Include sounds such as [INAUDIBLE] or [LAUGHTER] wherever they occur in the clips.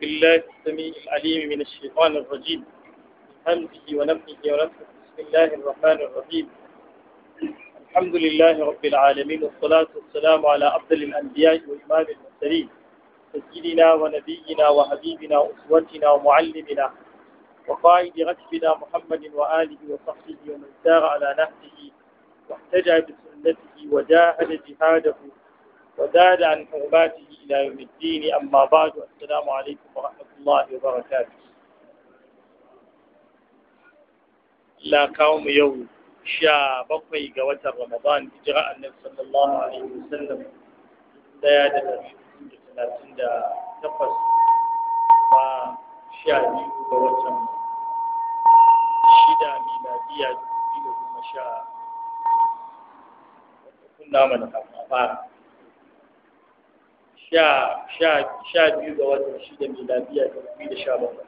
بالله السميع العليم من الشيطان الرجيم من همزه ونفخه بسم الله الرحمن الرحيم الحمد لله رب العالمين والصلاة والسلام على أفضل الأنبياء وإمام المرسلين سيدنا ونبينا وحبيبنا وأسوتنا ومعلمنا وقائد ركبنا محمد وآله وصحبه ومن سار على نهجه واحتجى بسنته وجاهد جهاده وزاد عن حرباته إلى يوم الدين أما بعد السلام عليكم ورحمة الله وبركاته لا قوم يوم شا بقي قوات رمضان إجراء النبي صلى الله عليه وسلم لا يدل على سند تقص وشا يوم قوات شدة ميلادية إلى ما من الأخبار sha biyu ga watan shida miladiya ta dubu da sha bakwai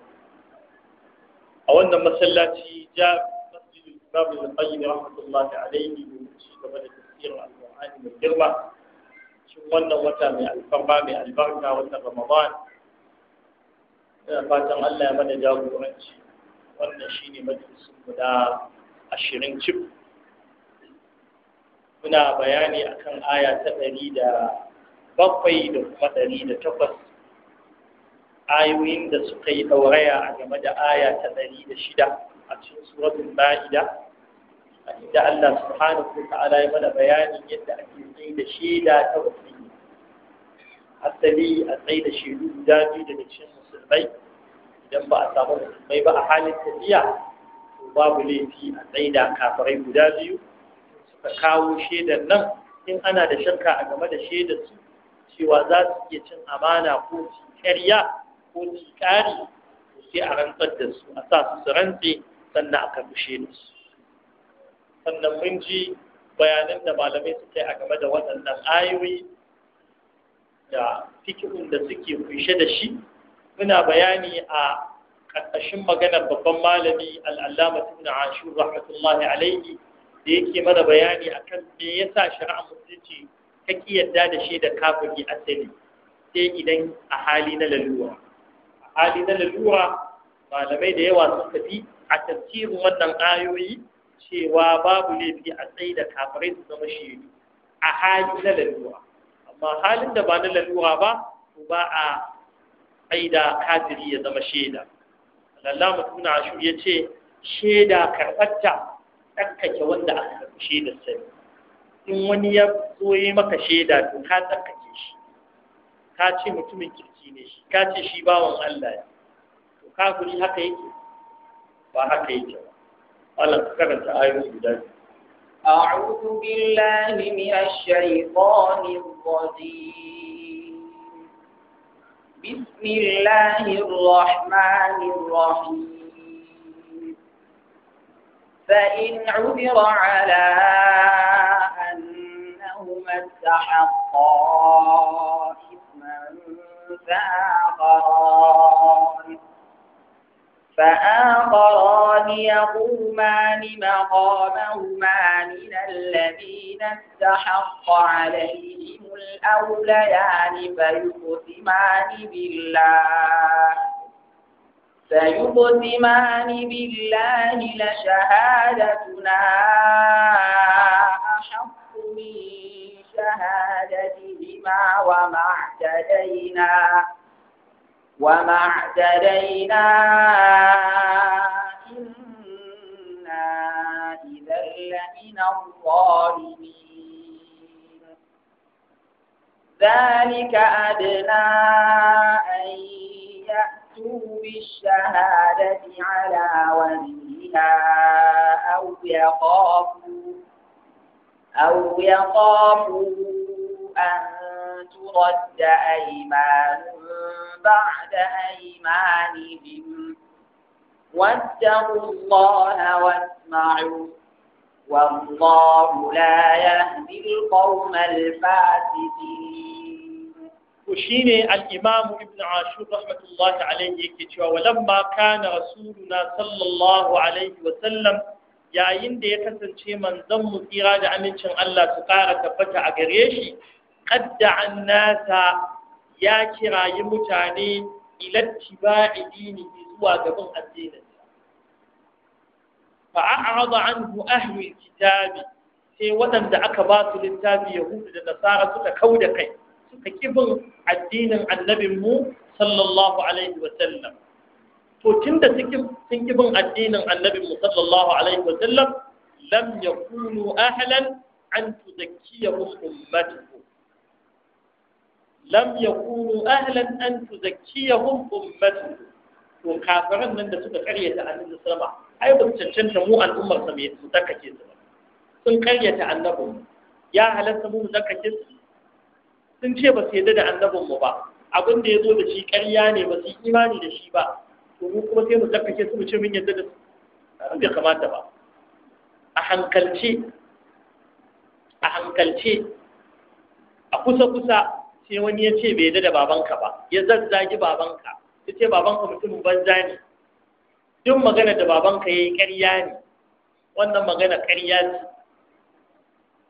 a wannan masallaci ja masjidul imam al-qayyim rahmatullahi alayhi mu ci gaba da tafiyar al-qur'ani mai girma cikin wannan wata mai alfarma mai albarka watan ramadan ina fatan Allah ya mana jagoranci wannan shine majalisin guda ashirin cif muna bayani akan aya ta ɗari da bakwai da kuma ɗari da takwas ayoyin da suka yi ɗauraya a game da aya ta ɗari da shida a cikin suratun ba'ida a inda Allah subhanahu wa ta'ala ya mana bayanin yadda ake tsaye da shaida ta wasiyyi asali a tsaye da shaidu guda biyu daga cikin musulmai idan ba a samu musulmai ba a halin tafiya to babu laifi a tsaye da kafirai guda biyu suka kawo shaidar nan in ana da shakka a game da shaidar su cewa za su iya cin amana ko ci ƙarya ko ci ƙari sai a rantsar da su a sa su su rantse sannan aka bushe da su sannan mun ji bayanan da malamai suka yi a game da waɗannan ayoyi da fikirin da suke kunshe da shi muna bayani a ƙarƙashin maganar babban malami al'allama tun da ashur rahmatullahi alaihi da yake mana bayani akan me yasa shari'a musulunci ka yadda da shi da kafiri asali sai idan a hali na lalura a hali na lalura malamai da yawa sun tafi a tafsirin wannan ayoyi cewa babu laifi a tsaye da kafirai su zama shedu a hali na lalura amma halin da ba na lalura ba to ba a tsaida da kafiri ya zama shaida lalla mutum na ashu ya ce shaida karɓarta tsakkake wanda aka karɓi shaidar sani in wani ya zo yi maka shaida to ka tsarkake shi ka ce mutumin kirki ne shi ka ce shi bawan Allah ne to ka guri haka yake ba haka yake ba Allah ka karanta ayoyi guda biyu أعوذ بالله من الشيطان الرجيم بسم الله الرحمن الرحيم فإن عذر على إثما فآخران فآخران يقومان مقامهما من الذين استحق عليهم الأوليان فيقسمان بالله فيقسمان بالله لشهادتنا أحق من شهادتهما وما اعتدينا وما اعتدينا إنا إذا لمن الظالمين ذلك أدنى أن يأتوا بالشهادة على وجهها أو يخافوا أو يخافوا أن ترد أيمان بعد أيمانهم واتقوا الله واسمعوا والله لا يهدي القوم الفاسدين وشيني الإمام ابن عاشور رحمة الله عليه كتوى ولما كان رسولنا صلى الله عليه وسلم yayin da ya kasance manzon mu tsira da amincin Allah su ƙara tabbata a gare shi qadda annasa ya kirayi mutane ila dini zuwa gaban addinin fa a'rada anhu ahli kitabi sai waɗanda aka ba su littafi yahudu da nasara suka kauda kai suka kibin addinin annabinmu sallallahu alaihi wa sallam to tunda sun ki bin addinin annabi sallallahu alaihi wa sallam lam yakunu ahlan an tuzakkiyahum ummatuhu lam yakunu ahlan an tuzakkiyahum ummatuhu to kafiran nan da suka karyata annabi sallama ai ba cancanta mu al'ummar sa mai su tsakake su ba sun karyata annabin ya halatta mu zakake su sun ce ba su yadda da annabin mu ba abin da ya zo da shi karya ne ba su imani da shi ba to kuma sai mu tsaftace su mu ce mun yadda da su abin bai kamata ba a hankalce a hankalce a kusa kusa sai wani ya ce bai yadda da babanka ba ya zazzagi babanka ya ce babanka mutum banza ne duk magana da babanka ya yi ƙarya ne wannan magana ƙarya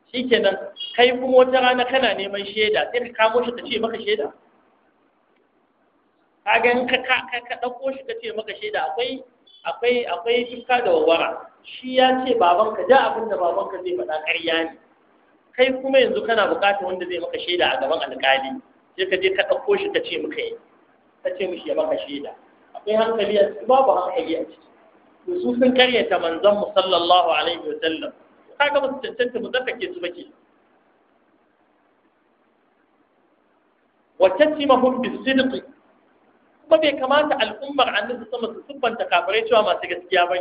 ce shikenan kai kuma wata rana kana neman shaida sai ka kamo shi ta ce maka shaida kaga in ka ka ɗauko shi ka ce maka shaida akwai akwai akwai tuka da wawara shi ya ce babanka da abin da babanka zai faɗa ƙarya ne kai kuma yanzu kana buƙatar wanda zai maka shaida a gaban alƙali sai ka je ka ɗauko shi ka ce maka yi ka ce mishi ya maka shaida akwai hankali a ciki babu hankali a ciki to su sun karyata manzon mu sallallahu alaihi wa sallam kaga musu cancanta mu ke su bake wa tatimahum sidqi kuma bai kamata al'ummar annabi sama su siffanta kafirai cewa masu gaskiya ba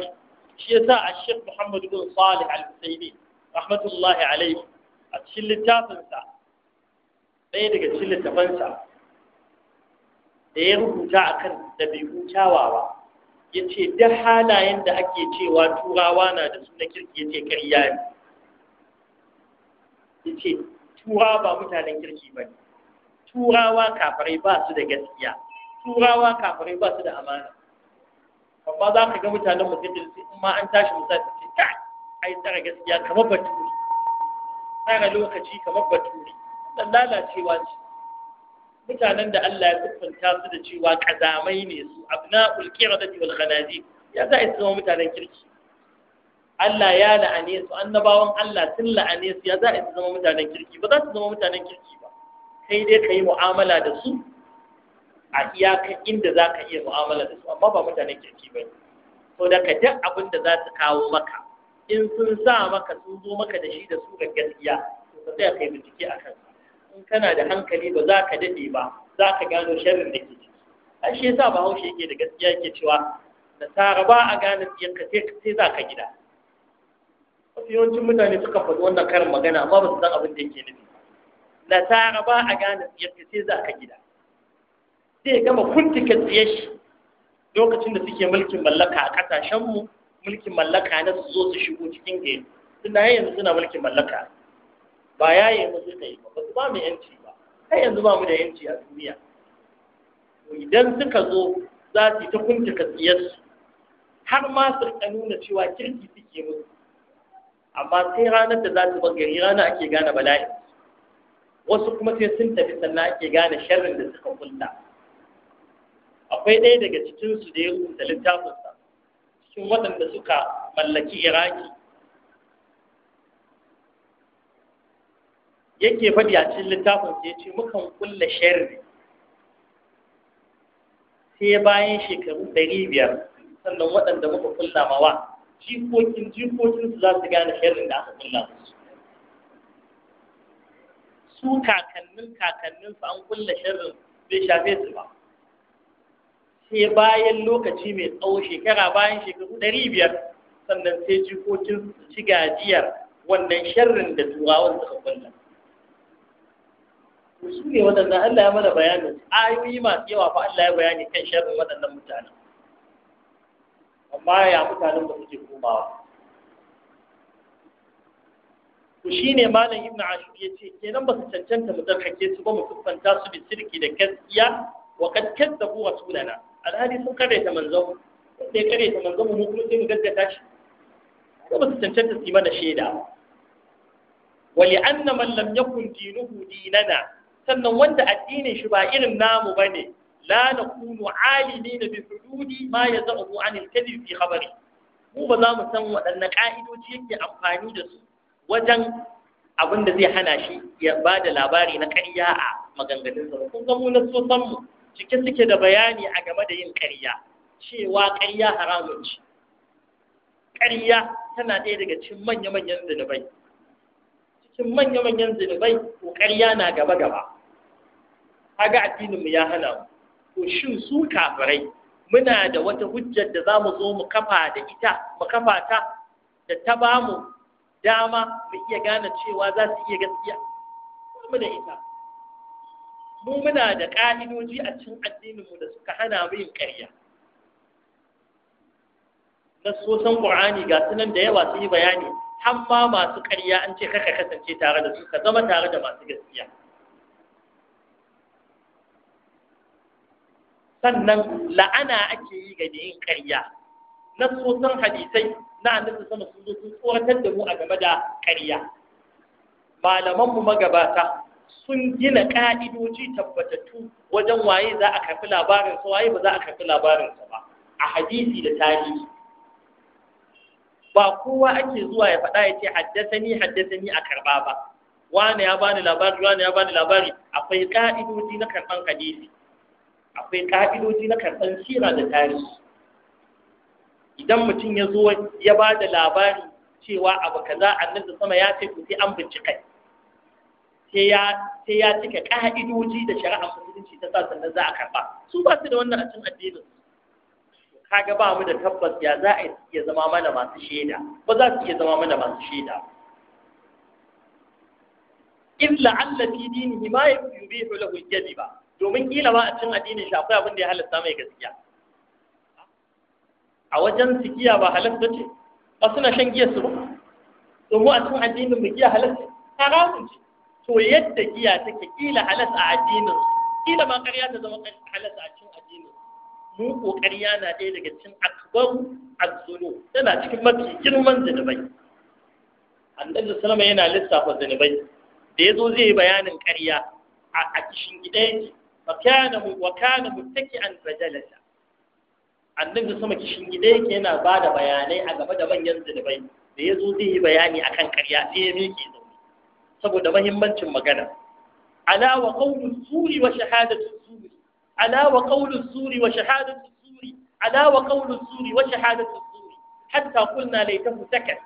shi yasa a shek muhammad bin salih al-husaini rahmatullahi alaihi a cikin littafinsa ɗaya daga cikin sa da ya rubuta akan dabi'u kyawawa ya ce duk halayen da ake cewa turawa na da sunan kirki ya ce ƙarya ne ya turawa ba mutanen kirki ba turawa kafirai ba su da gaskiya turawa kafirai ba su da amana amma za ka ga mutanen mu sai in ma an tashi mu sai ce kai ai tsara gaskiya kamar baturi tsara lokaci kamar baturi dan lalacewa ce mutanen da Allah ya siffanta su da cewa kazamai ne su abna'ul qiradati wal khanazi ya za a zama mutanen kirki Allah ya la'ane su annabawan Allah sun la'ane su ya za a zama mutanen kirki ba za su zama mutanen kirki ba kai dai ka yi mu'amala da su a iyakan inda za ka iya mu'amala da su amma ba mutanen kirki ba ne so daga duk abin da za su kawo maka in sun sa maka sun zo maka da shi da su ga gaskiya to ka tsaya kai bincike a kansa in kana da hankali ba za ka daɗe ba za ka gano sharrin da ke ciki an shi yasa bahaushe yake da gaskiya yake cewa nasara ba a gane tsiyarka sai za ka gida wasu yawancin mutane suka faɗi wannan karin magana amma ba su san abin da yake nufi nasara ba a gane tsiyarka sai za ka gida sai ya gama kuntika tsiye shi lokacin da suke mulkin mallaka a kasashenmu mulkin mallaka na su zo su shigo cikin gari Tun da yanzu suna mulkin mallaka ba yi mu suka yi ba su ba mu yanci ba har yanzu ba mu da yanci a duniya idan suka zo za su yi ta kuntika tsiyarsu har ma su nuna cewa kirki suke musu amma sai ranar da za su bar gari rana ake gane bala'i wasu kuma sai sun tafi sannan ake gane sharrin da suka kunta akwai ɗaya daga cikinsu da ya rubuta littafinsa cikin waɗanda suka mallaki iraki yake faɗi a cikin littafinsa ya ce mukan kulla sharri sai bayan shekaru ɗari biyar sannan waɗanda muka kulla mawa jikokin jikokinsu za su gane sharrin da aka kulla su kakannin kakanninsu an kulla sharrin bai shafe su ba sai bayan lokaci mai tsawo shekara bayan shekaru ɗari biyar sannan sai jikokin su ci gajiyar wannan sharrin da turawan suka kulla su ne waɗanda Allah ya mana bayanin ayoyi masu yawa fa Allah ya bayani kan sharrin waɗannan mutanen amma ya mutanen ba suke komawa to ne malam Ibn ashur ce, kenan ba su cancanta mu tsarkake su ba mu kuskanta su bi sirki da gaskiya wa da kadzabu sunana. alhali sun karaita manzon wanda ya karaita manzon mu kuma sai mu gaskata shi ko ba su cancanta su yi mana shaida ba wali anna man lam yakun dinuhu dinana sannan wanda addinin shi ba irin namu bane la nakunu alimina bi hududi ma yazahu anil kadhib fi khabari mu ba za mu san waɗanne ka'idoji yake amfani da su wajen abin da zai hana shi ya ba da labari na ƙarya a maganganunsa kun ga mu na so san mu cikin suke da bayani a game da yin ƙarya cewa ƙarya haramun ce ƙarya tana ɗaya daga cikin manya-manyan zunubai cikin manya-manyan zunubai ko ƙarya na gaba-gaba kaga addinin mu ya hana mu to shin su kafirai muna da wata hujjar da zamu zo mu kafa da ita mu kafa ta da ta bamu dama mu iya gane cewa za su iya gaskiya mu da ita mu muna da ƙa'idoji a cikin addininmu da suka hana mu yin ƙarya nasosan ƙur'ani ga sunan da yawa su yi bayani har ma masu ƙarya an ce kaka kasance tare da su ka zama tare da masu gaskiya sannan la'ana ake yi ga yin ƙarya Na nasosan hadisai na annabi sama sun zo sun tsoratar da mu a game da ƙarya malamanmu magabata sun gina ƙa'idoji tabbatattu wajen waye za a karfi labarinsa waye ba za a karfi labarinsa ba a hadisi da tarihi ba kowa ake zuwa ya faɗa ya ce haddasani haddasani a karba ba Wani ya bani labari wani ya bani labari akwai ƙa'idoji na karɓan hadisi akwai ƙa'idoji na karɓan sira da tarihi idan mutum ya zo ya ba da labari cewa abu kaza annabi sama ya ce ku sai an bincika sai ya cika ƙa'idoji da shari'ar musulunci ta sa sannan za a karɓa su ba su da wannan a cin addinin kaga ba mu da tabbas ya za a iya zama mana masu shaida ba za su iya zama mana masu shaida illa alla fi dinihi ma yubihu lahu al ba. domin kila ba a cin addinin shi akwai abin da ya halatta mai gaskiya a wajen sigiya ba halatta ce ba suna shan giya su ba domin a cin addinin mu giya halatta haramun ce to yadda giya take kila halas a addinin kila ma ƙarya ta zama halas a cikin addinin mu kokari yana ɗaya daga cikin akbaru azzulu tana cikin mafi girman zinubai annabi sallama yana lissafa zinubai da yazo zai yi bayanin ƙarya a kishin gida yake fa kana wa kana an rajalata annabi sama kishin gida yake yana bada bayanai a game da manyan zinubai da yazo zai yi bayani akan ƙarya sai ya miƙe saboda mahimmancin magana ala wa qawlu suri wa shahadatu suri ala wa qawlu suri wa shahadatu suri ala wa qawlu suri wa shahadatu suri hatta kunna laita sakat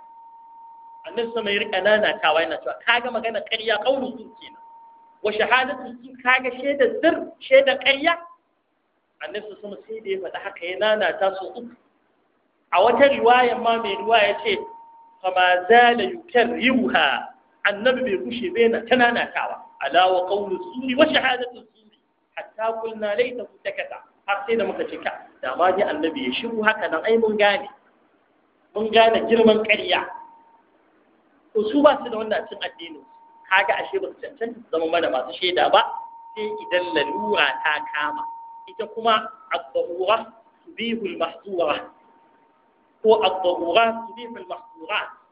annabi sama mai rika nana tawa yana cewa kaga magana ƙarya qawlu suri kenan wa shahadatu suri kaga shaidar sir shaidar ƙarya annabi sama sai da ya faɗa haka ya nana ta so uku a wata riwayar ma mai riwaya ce fa ma zala yukarrihuha annabi bai kushe bai na tananatawa ala wa qawlu suri wa shahadatu suri hatta qulna laita kutakata har sai da muka cika. da ma ji annabi ya shiru haka nan ai mun gane mun gane girman ƙarya to su ba su da wannan cin addini kaga ashe ba su cancanta su zama mana masu shaida ba sai idan lalura ta kama ita kuma abdurura tubihul Mahdura ko abdurura tubihul mahzura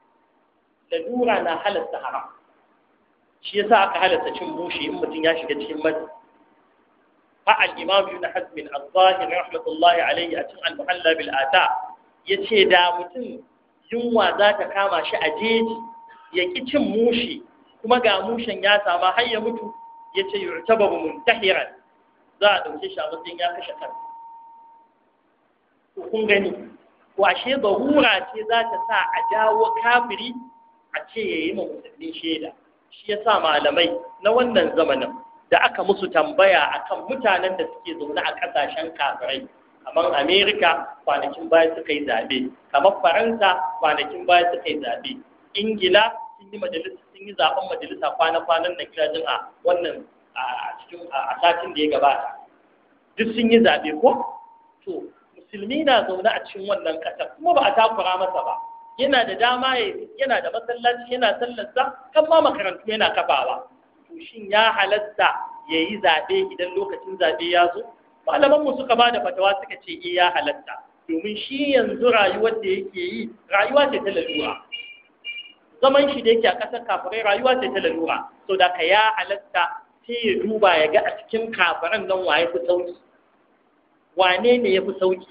lalura na halatta haram shi yasa aka halatta cin mushi in mutum ya shiga cikin mazi fa al-imam ibn hazm al-zahir rahmatullahi alayhi a cikin al-muhalla bil ata yace da mutum yunwa za ta kama shi a jeji ya ki cin mushi kuma ga mushen ya sama har ya mutu yace yu'tababu muntahiran za a dauke shi a matsayin ya kashe kansa kun gani ko ashe zarura ce za ta sa a jawo kafiri a ce ya yi ma shaida shi ya sa malamai na wannan zamanin da aka musu tambaya a kan mutanen da suke zaune a ƙasashen kafirai kamar amerika kwanakin baya suka yi zaɓe kamar faransa kwanakin baya suka yi zaɓe ingila sun yi majalisa sun yi zaɓen majalisa kwana-kwanan na kirajin a wannan a a satin da ya gabata duk sun yi zaɓe ko to musulmi na zaune a cikin wannan ƙasar kuma ba a takura masa ba yana da dama yana da masallaci yana sallarsa kan ma makarantu yana kafawa to shin ya halatta ya yi zaɓe idan lokacin zaɓe ya zo malamanmu suka ba da fatawa suka ce eh ya halatta domin shi yanzu rayuwar da yake yi rayuwa ce ta lalura zaman shi da yake a ƙasar kafirai rayuwa ce ta lalura so da ka ya halatta sai ya duba ya ga a cikin kafiran nan waye fi sauki wane ne ya fi sauki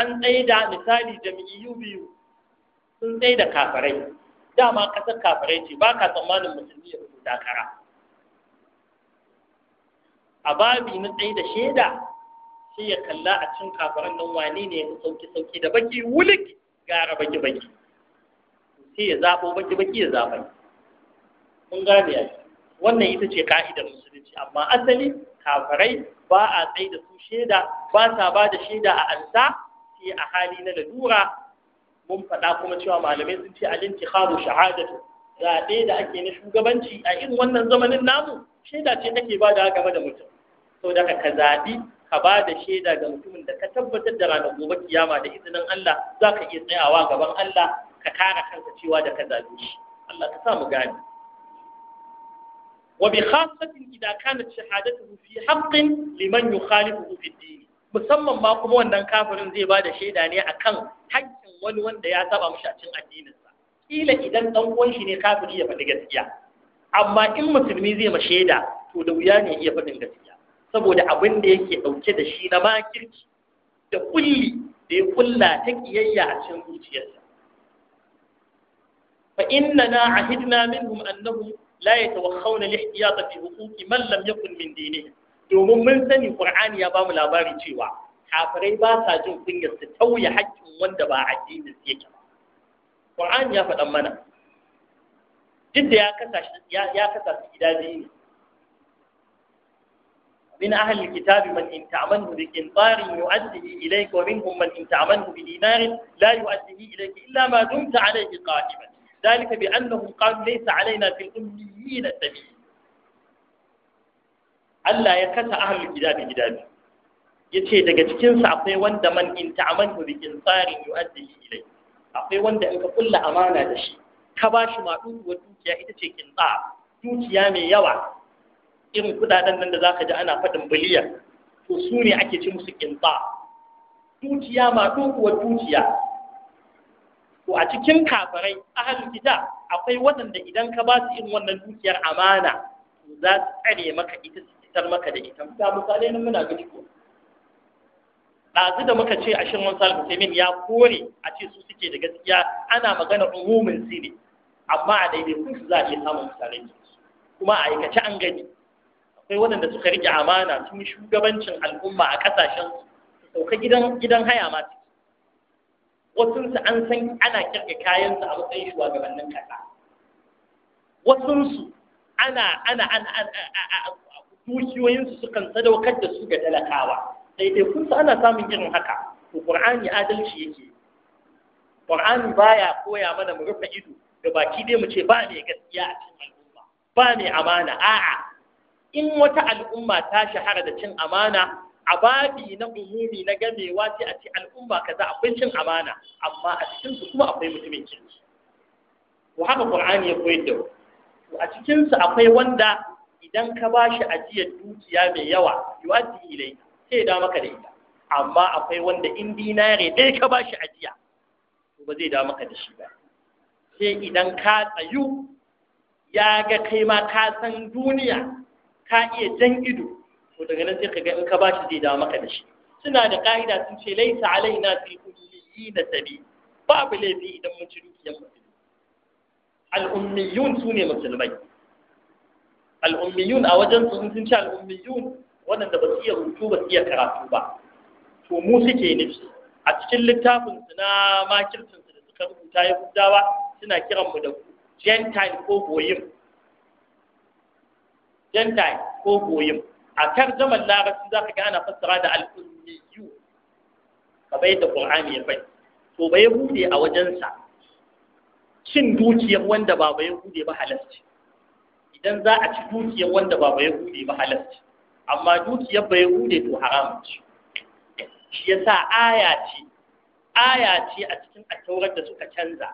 an tsaida misali jami'iyu biyu sun tsaida kafirai dama kasar kafirai ce ba ka tsammanin musulmi ya fito takara a babi na tsaida shaida sai ya kalla a cin kafirai nan wane ne ya sauki sauki da baki wulik gara baki baki sai ya zaɓo baki baki ya zaɓa kun gane ya wannan ita ce ka'idar musulunci amma asali kafirai ba a tsaida su shaida ba sa ba da shaida a ansa a hali na lalura mun faɗa kuma cewa malamai sun ce al-intikhabu shahadatu zaɓe da ake na shugabanci a irin wannan zamanin namu shaida ce take ba da game da mutum da, ka zaɓi ka ba da shaida ga mutumin da ka tabbatar da ranar gobe kiyama da izinin Allah za ka iya tsayawa gaban Allah ka kara kanka cewa da ka zaɓe shi Allah ka sa mu gane wa bi khassatin idza kanat shahadatuhu fi haqqin liman yukhalifuhu fi din musamman ma kuma wannan kafirin zai ba da shaida ne a kan hakkin wani wanda ya saba mashi a cikin addininsa kila idan ɗan uwan shi ne kafiri ya faɗi gaskiya amma in musulmi zai ma shaida to da wuya ne iya faɗin gaskiya saboda abin da yake ɗauke da shi na makirci da kulli da ya kulla ta kiyayya a cikin zuciyarsa fa na ahidna minhum annahum la yatawakhawna lihtiyata fi huquqi man lam yakun min dinihim domin mun sani qur'ani ya bamu labari cewa kafirai ba sa jin kunyar su tauye haƙƙin wanda ba addinin su yake ba qur'ani ya faɗan mana duk da ya kasa ya ya kasa su gida biyu ne min ahli kitabi man in ta'amanhu bi qintarin yu'addihi ilayka wa minhum man in ta'amanhu bi dinarin la yu'addihi ilayka illa ma dumta alayhi qa'iman ذلك بأنهم قالوا ليس علينا في الأميين سبيل Allah ya kasa ahlul kitabi gida biyu yace daga cikin akwai wanda man in ta'amantu bi insari yu'addi ilai akwai wanda in ka kulla amana da shi ka ba shi maɗuɗuwar dukiya ita ce kinsa dukiya mai yawa irin kudaden nan da zaka ji ana faɗin biliyan to su ne ake ci musu kinsa dukiya maɗuɗuwar dukiya to a cikin kafarai, ahlul kitab akwai wanda idan ka ba su irin wannan dukiyar amana za su tsare maka ita su fitar maka da ita ga misali nan muna gani ko ɗazu da muka ce a shirin wasu taimin ya kore a ce su suke da gaskiya ana magana umumin su ne amma a daidai kun su za a iya samun misalai kuma a aikace an gani akwai waɗanda suka rike amana sun yi shugabancin al'umma a ƙasashen su sauka gidan gidan haya ma wasunsu an san ana kirga kayansu a matsayin shugabannin ƙasa wasunsu ana ana ana dukiyoyinsu sukan sadaukar da su ga talakawa ɗaiɗaikun su ana samun irin haka to ƙur'ani adalci yake ƙur'ani baya koya mana mu rufe ido da baki dai mu ce ba ne gaskiya a cikin al'umma ba ne amana a'a in wata al'umma ta shahara da cin amana a babi na umumi na gamewa sai a ce al'umma kaza akwai cin amana amma a cikin su kuma akwai mutumin kirki to haka qur'ani ya koyar da mu a cikin su akwai wanda idan ka ba shi ajiyar dukiya mai yawa yu'addi ilai sai da maka da ita amma akwai wanda in dinare dai ka ba shi ajiya to ba zai da maka da shi ba sai idan ka tsayu ya ga kai ma ka san duniya ka iya jan ido to daga nan sai ka ga in ka ba shi zai da maka da shi suna da ka'ida sun ce laisa alaina fil na tabi babu laifi idan mun ci dukiyar musulmi al ummiyun sune musulmai al'ummiyun a wajen su sun ci al'ummiyun waɗanda ba su iya rubutu ba su iya karatu ba to mu suke nufi a cikin littafin su na makirtin su da suka rubuta ya gudawa suna kiran mu da gentile ko goyim gentile ko goyim a tarjaman larabci za ka ga ana fassara da al'ummiyu bai da qur'ani ya bai to bai hude a wajensa cin dukiyar wanda ba bai hude ba halasci idan za a ci dukiyar wanda ba bai hude ba halarci amma dukiyar bai hude, to haram ce shi yasa aya ce aya ce a cikin attaurar da suka canza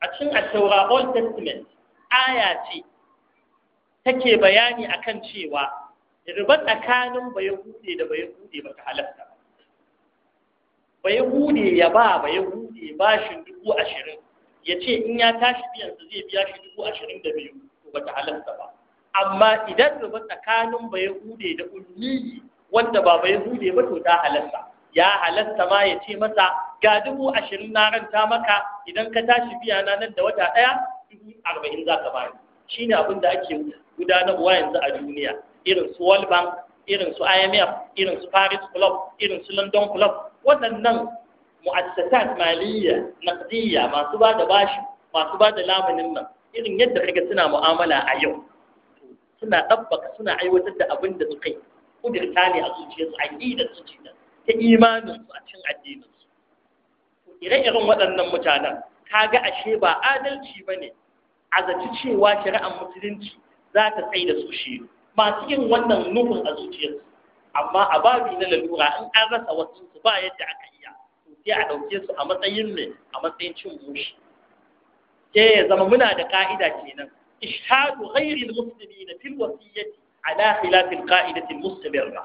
a cikin attaura old testament aya ce take bayani akan cewa riba tsakanin bai hude da bai hude ba ta halarta ba hude ya ba bai hude bashin dubu ashirin ya ce in ya tashi biyan su zai biya shi dubu ashirin da biyu bata halarta ba amma idan ba tsakanin ba hude da ummiyi wanda ba ba hude ba to ta halarta ya halarta ma ya ce masa ga dubu ashirin na ranta maka idan ka tashi biya na nan da wata ɗaya dubu arba'in za ka bani ne abin da ake gudanarwa yanzu a duniya irin su world bank irin su imf irin su paris club irin su london club waɗannan mu'assasat maliyya naqdiyya masu ba da bashi masu ba da lamunin nan irin yadda kaga suna mu'amala a yau suna dabbaka suna aiwatar da abin da suka yi kudirta ne a zuciyarsu aqidar su ce ta imaninsu a cin addininsu. su ire-iren waɗannan mutanen Ka ga ashe ba adalci bane a zaci cewa shari'ar musulunci za ta tsaye da su shi masu yin wannan nufin a zuciyarsu amma a babi na lalura in an rasa wasu su ba yadda aka iya sai a ɗauke su a matsayin ne a matsayin cin mushi sai ya zama muna da ka'ida kenan ishhadu ghairi almuslimina fil wasiyyati ala khilaf alqa'idati almustamirra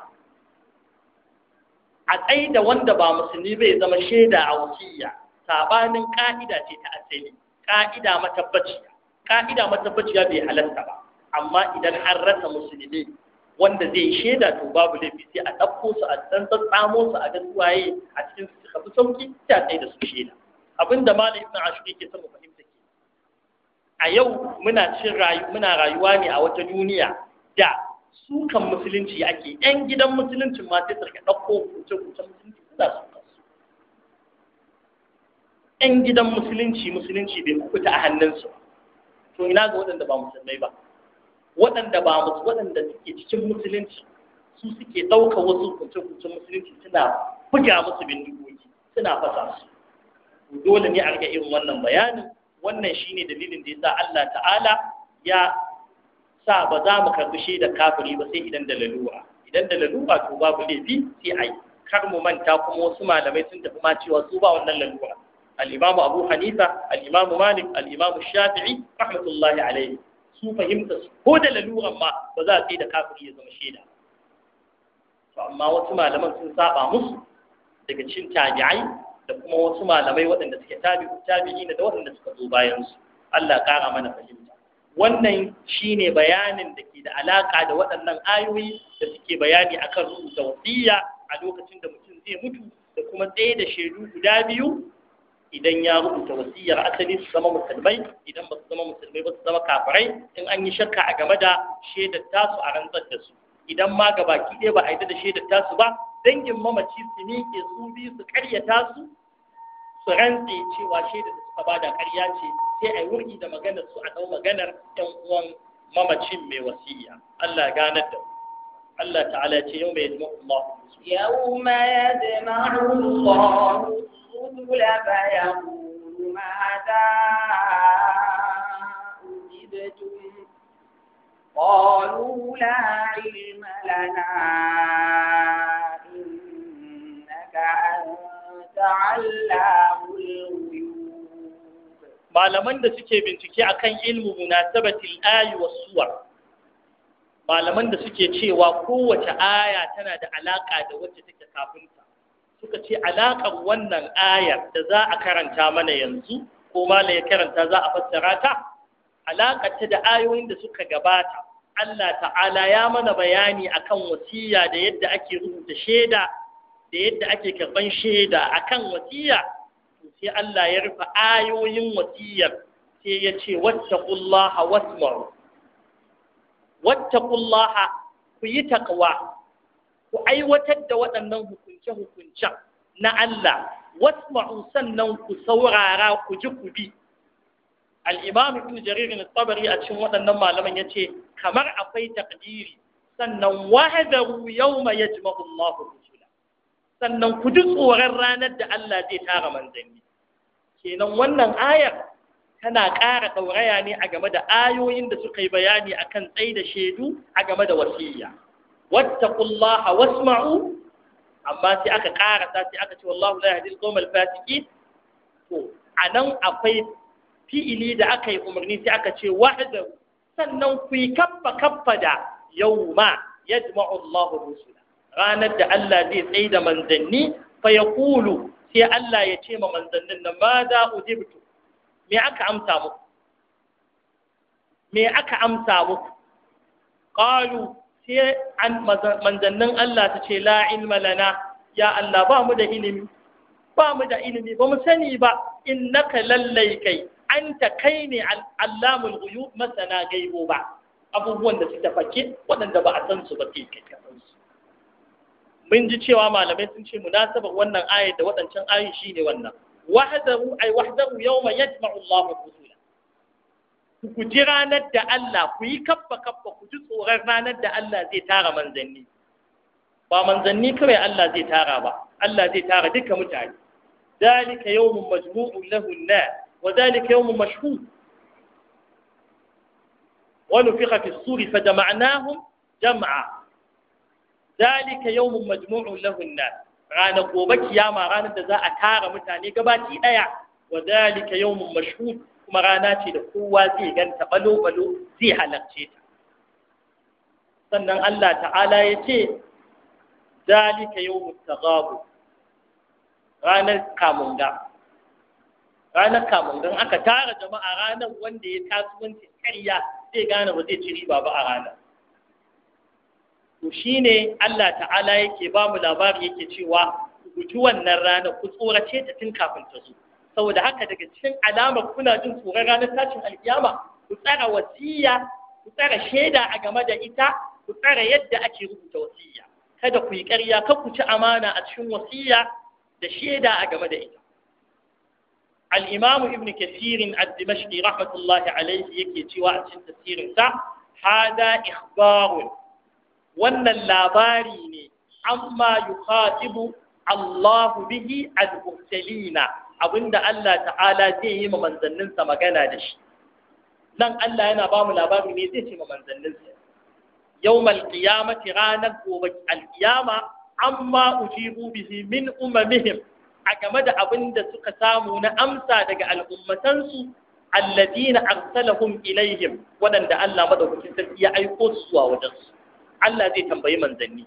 a tsaye wanda ba musulmi bai zama shaida a wasiyya sabanin ka'ida ce ta asali ka'ida matabbaciya ka'ida matabbaciya bai halarta ba amma idan an rasa musulmi wanda zai shaida to babu laifi sai a ɗauko su a tsantsan tsamo su a gan waye a cikin su suka fi sauki sai a tsaye da su shaida abinda malam ibn ashur ke son fahimta a yau muna cin muna rayuwa ne a wata duniya da sukan musulunci ake yan gidan musuluncin ma sai suka ɗauko kuce kuce musulunci suna su yan gidan musulunci musulunci bai kukuta a hannunsu to ina ga waɗanda ba musulmai ba waɗanda ba musu waɗanda suke cikin musulunci su suke ɗauka wasu kuce-kuce musulunci suna buga musu bindigogi suna fasa su dole ne a riga irin wannan bayanin wannan shine dalilin da yasa Allah ta'ala ya sa ba za mu karbi shi da kafiri ba sai idan da laluwa. idan da laluwa to babu laifi sai ai kar mu manta kuma wasu malamai sun tafi ma cewa su ba wannan laluwa. al-Imam Abu Hanifa al-Imam Malik al-Imam Shafi'i rahmatullahi alayhi su fahimta ko da laluwa ma ba za su yi da kafiri ya zama shaida to amma wasu malaman sun saba musu daga cin tabi'ai da kuma wasu malamai waɗanda suke tabi'i da waɗanda suka zo bayansu. Allah ƙara mana fahimta wannan shine bayanin da ke da alaƙa da waɗannan ayoyi da suke bayani akan rubuta wasiya a lokacin da mutum zai mutu da kuma tsaye da shaidu guda biyu idan ya rubuta wasiyar asali su zama musulmai idan ba su zama musulmai ba su zama kafirai in an yi shakka a game da shaidar tasu a rantsar da su idan ma gabaki ɗaya ba a yi da shaidar tasu ba dangin mamaci su miƙe su bi su karyata su su rantse cewa shi da suka bada karya ce sai a yi wurgi da maganar su a ɗau maganar ɗan uwan mamacin mai wasiya Allah ganar da Allah ta'ala ce yau mai yajma'u Allah يوم يجمع الله الرسل فيقول ماذا أجبتم قالوا لا علم لنا malaman da suke bincike akan ilmu munasabatil ayi was suwar malaman da suke cewa kowace aya tana da alaka da wacce take kafin suka ce alakan wannan aya da za a karanta mana yanzu ko mala ya karanta za a fassara ta alakar ta da ayoyin da suka gabata Allah ta'ala ya mana bayani akan wasiya da yadda ake rubuta shaida da yadda ake karban shaida akan wasiya sai Allah ya rufe ayoyin wasiyar sai ya ce wattaqullaha wasma'u wattaqullaha ku yi taqwa ku aiwatar da waɗannan hukunce hukunce na Allah wasma'u sannan ku saurara ku ji ku bi al-imam ibn jarir al-tabari a cikin waɗannan malaman yace kamar akwai takdiri sannan wahadaru yawma yajma'u Allahu sannan ku ji tsoron ranar da Allah zai tara manzanni kenan wannan ayar tana ƙara ɗauraya ne a game da ayoyin da suka yi bayani a kan tsaye da shaidu a game da wasiyya wattaqullaha wasma'u amma sai aka ƙara ta sai aka ce wallahu la yahdi al-qawmal fasiqin to akwai fi'ili da aka yi umarni sai aka ce wahdahu sannan ku yi kaffa kaffa da yawma yajma'u Allahu rusula ranar da Allah zai tsaye da manzanni fa Kulu, sai Allah ya ce ma manzannin nan ma za ujibtu me aka amsa muku me aka amsa muku qalu sai manzannin Allah ta ce la ilma lana ya Allah ba mu da ilimi ba mu da ilimi ba mu sani ba innaka lallai kai anta kai ne allamul ghuyub masana gaibo ba abubuwan da suka fake waɗanda ba a san su ba kai kai mun ji cewa malamai sun ce munasabar wannan ayat da waɗancan shi ne wannan wahdahu ay wahdahu yawma yajma'u Allahu rusula ku ji ranar da Allah ku yi kabba kabba ku ji tsoron ranar da Allah zai tara manzanni ba manzanni kawai Allah zai tara ba Allah zai tara duka mutane ذلك يوم مجموع له الناس وذلك يوم مشهود ونفخ في الصور فجمعناهم jama'a. zalika yawmun majmu'un lahun nas ranar gobe kiyama ranar da za a tara mutane gabaki daya wa zalika yawmun mashhud kuma rana ce da kowa zai ganta balo balo zai halarce ta sannan Allah ta'ala ya ce zalika yawmun taghabu ranar kamunga ranar kamunga aka tara jama'a ranar wanda ya kasuwanci karya zai gane ba zai ci riba ba a ranar to shine Allah ta'ala yake ba mu labari yake cewa guji wannan rana ku tsorace ta tun kafin ta zo saboda haka daga cikin alamar kuna jin tsoron ranar tashin alkiyama ku tsara wasiya ku tsara shaida a game da ita ku tsara yadda ake rubuta wasiya kada ku yi ƙarya kar ku ci amana a cikin wasiya da shaida a game da ita al-imamu ibn kathirin ad-dimashqi rahmatullahi alayhi yake cewa a cikin tafsirin hada ikhbarun wannan labari ne amma yukhatibu Allahu bihi al-mursalina abinda Allah ta'ala zai yi ma sa magana da shi nan Allah yana ba mu labari ne zai ce ma manzanninsa yawmal qiyamati ranar gobe al-qiyama amma ujibu bihi min umamihim a game da abin da suka samu na amsa daga al'ummatansu alladina arsalahum ilaihim waɗanda Allah madaukakin sarki ya aiko su zuwa wajensu Allah zai tambayi manzanni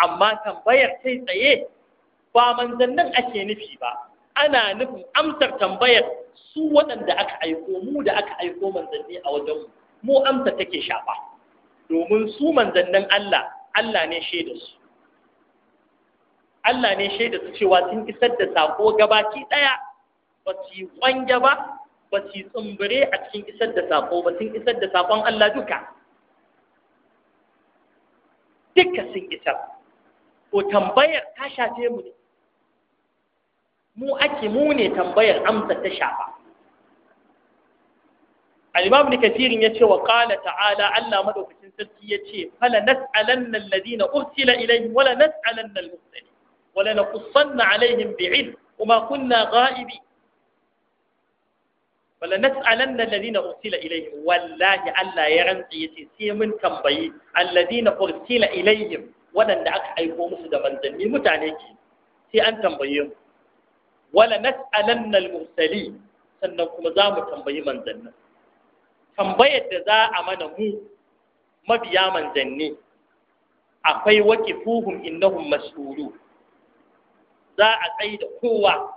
amma tambayar kai tsaye ba manzannin ake nufi ba ana nufin amsar tambayar su waɗanda aka aiko mu da aka aiko manzanni a wajen mu mu amsa take shafa domin su manzannin Allah Allah ne shaida su Allah ne shaida su cewa sun isar da sako gabaki ɗaya ba su yi kwanja ba ba su yi tsumbure a cikin isar da sako ba sun isar da saƙon Allah duka duka sun isar ko tambayar ta shafe mu ne mu ake mu ne tambayar amsa ta shafa al-imam ibn kathir ya ce wa qala ta'ala Allah madaukakin sarki ya ce fala nas'alanna alladhina ursila ilayhim wala nas'alanna al-mursalin wala naqussanna alaihim bi'ilm وما kunna غائبين wala nas'alanna alladhina ursila ilayhim wallahi Allah ya rantsi yace sai mun tambayi alladhina ursila ilayhim waɗanda aka aiko musu da manzanni mutane ke sai an tambaye mu wala nas'alanna al-mursali sannan kuma za mu tambayi manzannin tambayar da za a mana mu mabiya manzanni akwai waƙifuhum innahum mas'ulu za a tsaye da kowa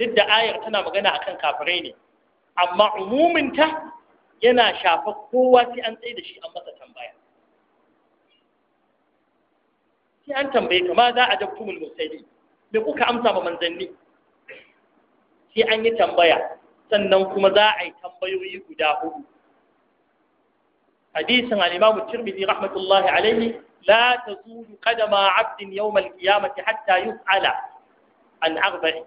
duk da ayar tana magana akan kafirai ne amma umuminta yana shafa kowa sai an tsaye da shi an masa tambaya sai an tambaye kama za a jabtumul mursali me kuka amsa ma manzanni sai an yi tambaya sannan kuma za a yi tambayoyi guda hudu hadisin al-imam tirmidhi rahmatullahi alayhi la tazulu qadama 'abdin yawm al-qiyamati hatta yus'ala an arba'i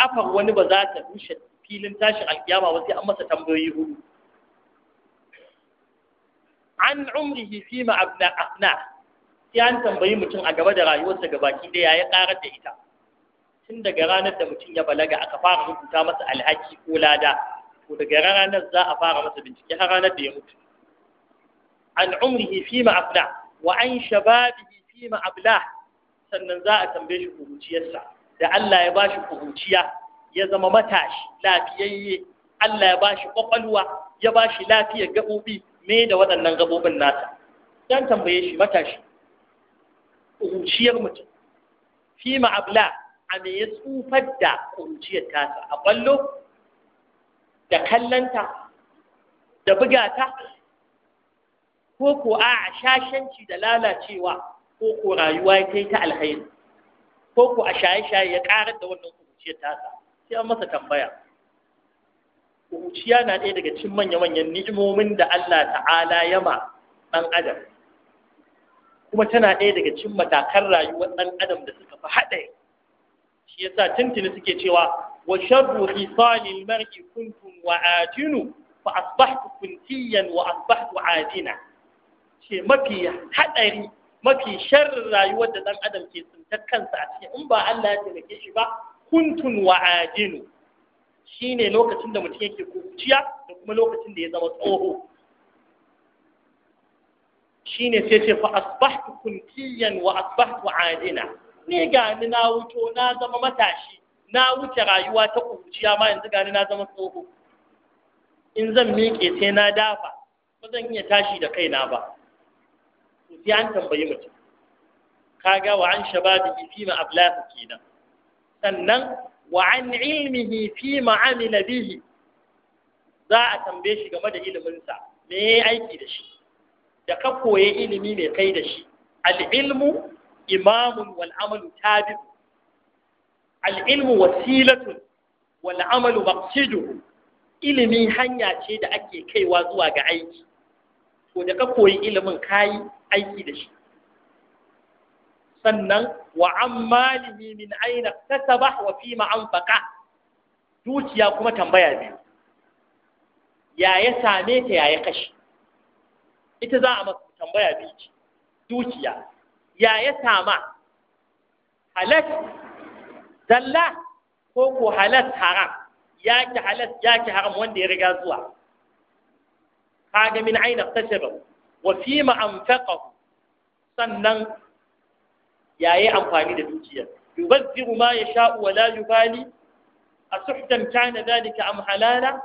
kafar wani ba za ta rushe filin tashin alkiyama ba sai an masa tambayoyi hudu an umri fi ma abna afna sai an tambayi mutum a gaba da rayuwarsa ga gabaki daya ya karar da ita tun daga ranar da mutum ya balaga aka fara rubuta masa alhaki ko lada to daga ranar za a fara masa bincike har ranar da ya mutu an umri fi ma afna wa an shababihi fi ma abla sannan za a tambaye shi kuruciyarsa da Allah ya bashi kuhuciya ya zama matashi lafiyayye Allah ya bashi kwakwalwa ya bashi lafiyar gabobi me da waɗannan gabobin nasa dan tambaye shi matashi kuhuciyar mutum fi ma'abla a me ya tsufar da kuhuciyar tasa a ƙwallo da kallanta da bugata ko ko a shashanci da lalacewa ko ko rayuwa ya kai ta alhairi ko ku a shaye-shaye ya karar da wannan kuruciyar tasa sai an masa tambaya kuruciya na ɗaya daga cikin manya-manyan ni'imomin da Allah ta'ala ya ma ɗan adam kuma tana ɗaya daga cikin matakan rayuwar ɗan adam da suka fi haɗari shi yasa tuntuni suke cewa wa sharru hisalil mar'i kuntum wa atinu fa asbahtu kuntiyan wa asbahtu adina ce mafi haɗari mafi sharrin rayuwar da ɗan adam ke tsintar kansa a cikin in ba Allah ya ke shi ba kuntun wa adinu shine lokacin da mutum yake kuciya da kuma lokacin da ya zama tsoho shine sai ce fa asbahtu kuntiyan wa asbahtu adina ni gani na wuto na zama matashi na wuce rayuwa ta kuciya ma yanzu gani na zama tsoho in zan miƙe sai na dafa ba zan iya tashi da kaina ba to sai an tambayi mutum kaga wa an shababihi fi ma ablaha kenan sannan wa an ilmihi fi ma amila bihi za a tambaye shi game da iliminsa me yayi aiki da shi da ka koye ilimi mai kai da shi al-ilmu imamun wal amalu tabi al-ilmu wasilatun wal amalu maqsiduhu ilimi hanya ce da ake kaiwa zuwa ga aiki ko da ka koyi ilimin kayi aiki da shi sannan wa ammalihi min aina kasaba wa fi ma anfaqa dukiya kuma tambaya biyu ya ya same ta ya ya kashe ita za a masa tambaya biyu ce dukiya ya ya sama halat zalla ko ko halat haram ya ki halat ya ki haram wanda ya riga zuwa kaga min aina iktasaba wa fi ma anfaqahu sannan yayi amfani da dukiya yubazziru ma yasha'u wa la yubali asuhtan kana dhalika am halala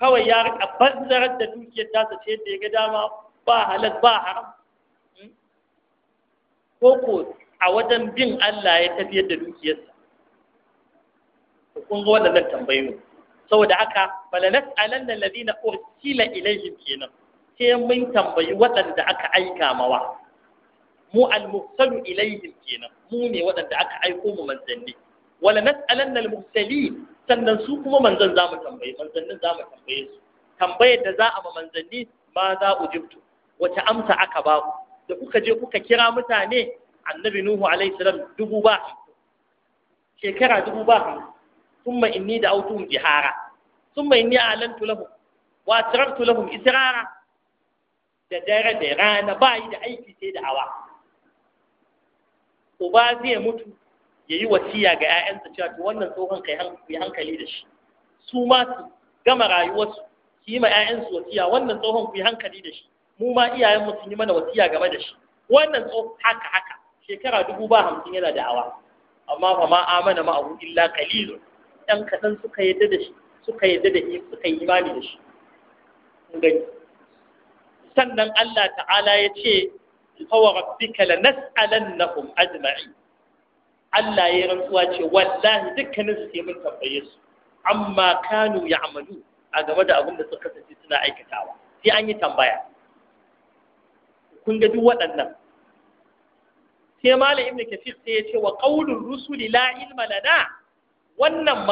kawai ya rika bazzarar da dukiyar ta ce da ya ga dama ba halal ba haram ko ko a wajen bin Allah ya tafiyar da dukiyarsa kun ga waɗannan tambayoyi saboda haka balanas alanna ladina ursila ilaihim kenan sai mun tambayi waɗanda aka aika mawa mu al-mursalu ilaihim kenan mu ne waɗanda aka aiko mu manzanni wala nas'alanna al-mursalin sannan su kuma manzan za mu tambaye manzannin za mu tambaye su tambayar da za a ma manzanni ma za ujibtu wata amsa aka ba ku da kuka je kuka kira mutane annabi nuhu alaihi salam dubu ba shekara dubu ba thumma inni da'awtuhum jihara thumma inni a'lantu lahum wa asrartu lahum israra da dare da rana ba yi da aiki sai da awa uba zai mutu ya yi wasiya ga 'ya'yansa cewa to wannan tsohon kai hankali da shi su ma gama rayuwarsu su yi ma 'ya'yansu wannan tsohon ku yi hankali da shi mu ma iyayenmu sun yi mana wasiya game da shi wannan tsohon haka haka shekara dubu ba hamsin yana da awa amma fa ma amana ma'ahu illa qalilun ɗan kaɗan suka yadda da shi suka yadda da shi suka yi imani da shi gani sannan Allah ta'ala ya ce fawa rabbika lanas'alannahum ajma'in Allah ya rantsuwa ce wallahi dukkanin su sai mun tambaye su amma kanu ya'malu a game da abin da suka kasance suna aikatawa sai an yi tambaya kun ga duk waɗannan sai malam ibnu kafir sai ya ce wa qaulur rusuli la ilma lana wannan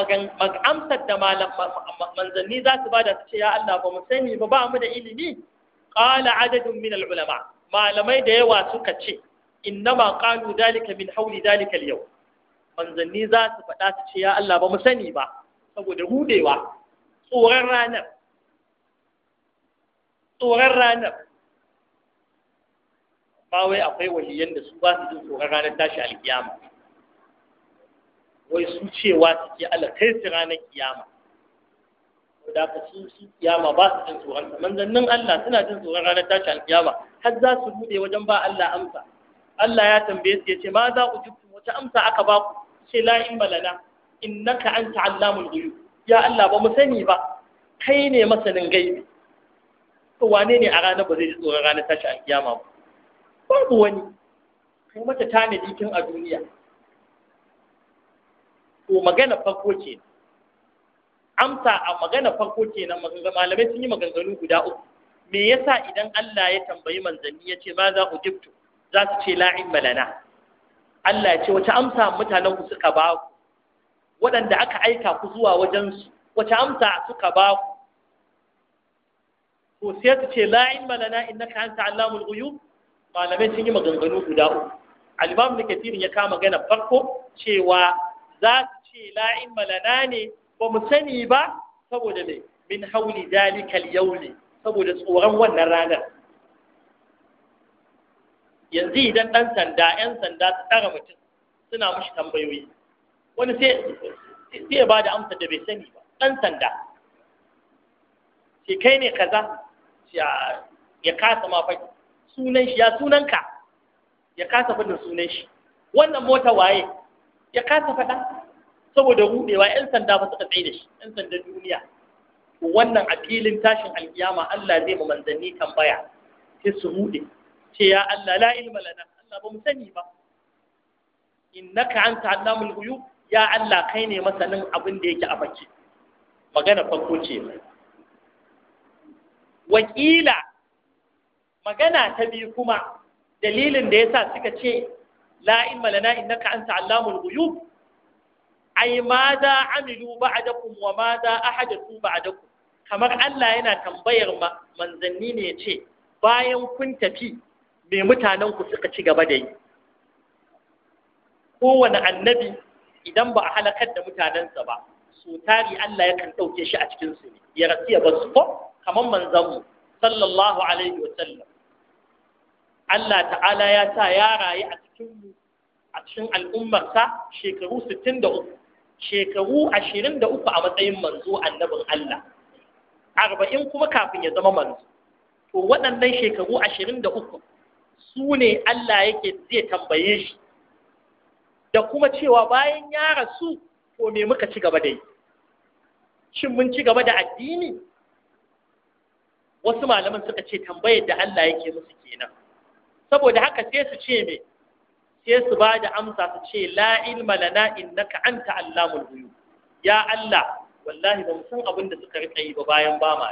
amsar da manzanni za su da su ce ya Allah ba mu sani ba ba mu da ilimi ƙala adadin min al'ulama malamai da yawa suka ce ma ƙalu dalika min hauli dalika yau'." manzanni za su faɗa su ce ya Allah ba mu sani ba saboda hudewa tsoron ranar tsoron ranar ba wai akwai waliyan da su ba su jin tsoron ranar tashi alkiyama wai su cewa suke Allah kai su ranar kiyama da ka su su kiyama ba su jin tsoron ta manzannin Allah suna jin tsoron ranar tashi alkiyama har za su bude wajen ba Allah amsa Allah ya tambaye su ya ce ma za ku jibtu wata amsa aka ba ku ce la in balana innaka anta allamul ghuyub ya Allah ba mu sani ba kai ne masanin gaibi to wane ne a ranar ba zai ji tsoron ranar tashi alkiyama ba babu wani kai mata tanadi tun a duniya to magana farko ce amsa a magana farko kenan malamai sun yi maganganu guda uku me yasa idan Allah ya tambayi manzanni ya ce ma za ku jibtu za su ce la'in malana Allah ya ce wace amsa mutanen ku suka ba ku waɗanda aka aika ku zuwa wajen su wace amsa suka ba ku to sai su ce la'in malana innaka anta allamul ghuyub malamai sun yi maganganu guda uku al-imam ya kama magana farko cewa za su ce la'in malana ne ba mu sani ba saboda mai min hauli dalikal yau ne saboda tsoron wannan ranar yanzu idan ɗan sanda 'yan sanda su ɗara mutum suna mushi tambayoyi wani sai ya ba da amsa da bai sani ba ɗan sanda sai kai ne kaza ya kasa ma faɗi sunan shi ya sunanka ya kasa faɗin sunan shi wannan mota waye ya kasa faɗa saboda rudewa yan sanda ba suka tsaye da shi yan sandan duniya wannan a filin tashin alkiyama Allah zai mu manzanni tambaya sai su rude ce ya Allah la ilma lana Allah ba mu sani ba innaka anta allamul ghuyub ya Allah kai ne masanin abin da yake a baki magana farko ce wakila magana ta biyu kuma dalilin da yasa suka ce la ilma lana innaka anta allamul ghuyub ai ma za amilu ba'dakum wa ma za ahadathu ba'dakum kamar Allah yana tambayar manzanni ne ya ce bayan kun tafi me mutanen ku suka ci gaba da yi kowane annabi idan ba a halakar da mutanensa ba so tari Allah yakan ɗauke shi a cikin su ya rasu ya basu ko kamar manzanmu sallallahu alaihi wa sallam Allah ta'ala ya sa ya rayu a a cikin al'ummarsa shekaru 63 shekaru 23 a matsayin manzo annabin Allah arba'in kuma kafin ya zama manzo to waɗannan shekaru 23 su ne Allah yake zai tambaye shi da kuma cewa bayan ya rasu to me muka ci gaba da yi shin mun ci gaba da addini wasu malaman suka ce tambayar da Allah yake musu kenan saboda haka sai su ce me sai su ba da amsa su ce la'il ilma lana innaka anta allamul ghuyub ya Allah wallahi ba mu san abin da suka rika yi ba bayan ba ma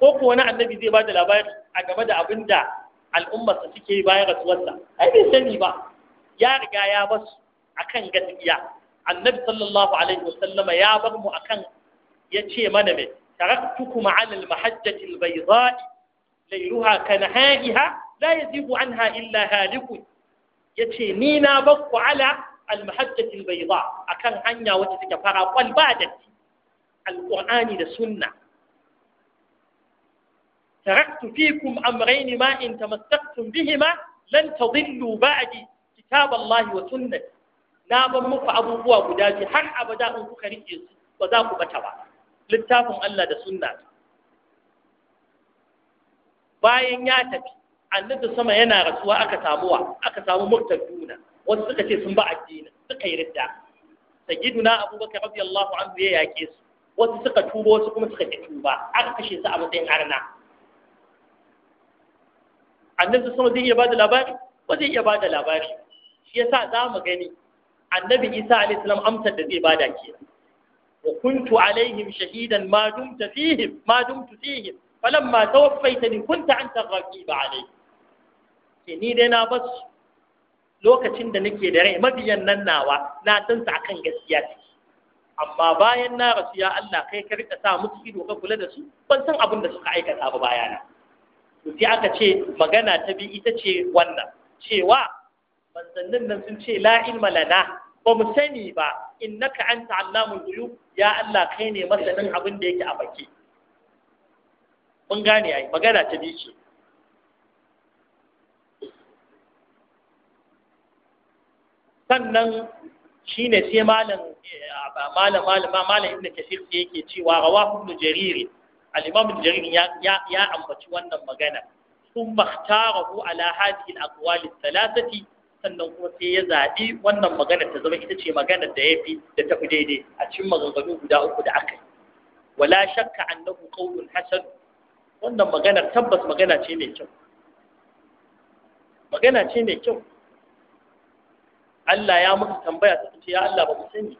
ko ko wani annabi zai ba da labari a game da abin da al'ummarsa suke yi bayan rasuwarsa ai bai sani ba ya riga ya basu akan gaskiya annabi sallallahu alaihi wasallama ya bar mu akan ya ce mana mai taraktukum ala al-mahajjati al-bayda layluha ka nahariha la yazibu anha illa halikun yace ni na ku ala al-mahajjati al-bayda akan hanya wacce take fara kwal ba datti al-qur'ani da sunna taraktu fikum amrayn ma in tamassaktum bihima lan tadillu ba'di kitab Allah wa sunnati na ban muku abubuwa guda biyu har abada in kuka rike su ba za ku bata ba littafin Allah da sunna bayan ya tafi annabi sama yana rasuwa aka samuwa aka samu murtaduna wasu suka ce sun ba addini suka yi ridda sayyiduna abubakar radiyallahu anhu ya yake su wasu suka tuba wasu kuma suka ki tuba aka kashe su a matsayin arna annabi sama zai iya bada labari ba zai iya bada labari shi yasa za gani annabi isa alayhi salam amsar da zai bada kenan wa kuntu alaihim shahidan ma dumta fihim ma dumtu fihim فلما توفيتني كنت أنت الرقيب عليهم ke ni dai na basu lokacin da nake da rai mabiyan nan nawa na san su akan gaskiya ce amma bayan na rasu ya Allah kai ka rika sa musu ido ka kula da su ban san abin da suka aikata ba bayana to sai aka ce magana ta bi ita ce wannan cewa manzannin nan sun ce la ilma lana ba mu sani ba innaka anta allamul ghuyub ya Allah kai ne masanin abin da yake a baki mun gane ai magana ta bi ce sannan shi ne sai malam eh, malam malam malam ibn kasir sai yake cewa rawahu ibn jarir al-imam ibn jarir ya ya ambaci wannan magana Sun ikhtarahu ala hadhihi al-aqwal al thalathati sannan kuma sai ya zabi wannan magana ta zama ita ce magana da yafi da tafi daidai a cikin maganganu guda uku da aka yi wala shakka annahu qawlun hasan wannan magana tabbas magana ce mai kyau magana ce mai kyau Allah ya musu tambaya suka ce ya Allah ba mu sani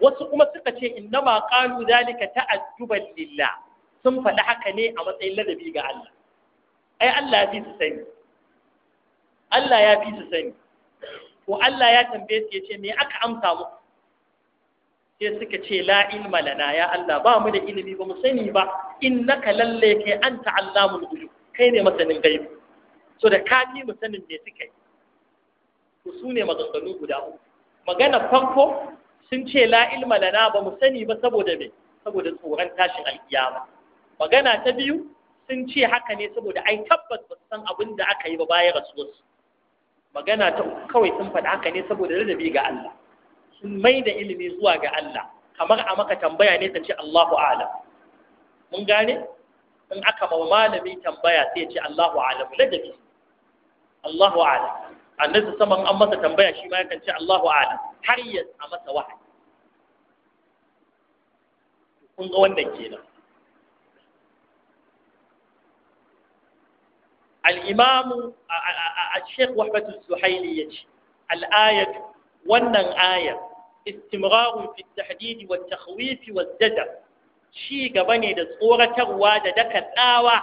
wasu kuma suka ce innama qalu zalika ta'ajjuban lillah sun faɗi haka ne a matsayin ladabi ga Allah ai Allah ya fi su sani Allah ya fi su sani to Allah ya tambaye su yace me aka amsa muku sai suka ce la ilma lana ya Allah ba mu da ilimi ba mu sani ba innaka lalle kai anta allamul ghuyub kai ne masanin gaibi so da ka fi mu sanin me suka yi to su ne maganganu guda uku magana farko sun ce la ilma lana ba mu sani ba saboda me saboda tsoron tashin alkiyama magana ta biyu sun ce haka ne saboda ai tabbas ba san abin da aka yi ba bayan su. magana ta uku kawai sun faɗa haka ne saboda ladabi ga Allah sun mai da ilimi zuwa ga Allah kamar a maka tambaya ne ta ce Allahu alam mun gane in aka ma malami tambaya sai ya ce Allahu alam ladabi Allahu alam annabi saman an masa tambaya shi ma yakan ce Allahu a'lam har ya a masa wahayi kun ga wannan kenan al-imam al-sheikh wahbat suhaili yace al-ayat wannan ayar istimraru fi at-tahdid wa at shi gaba ne da tsoratarwa da daka tsawa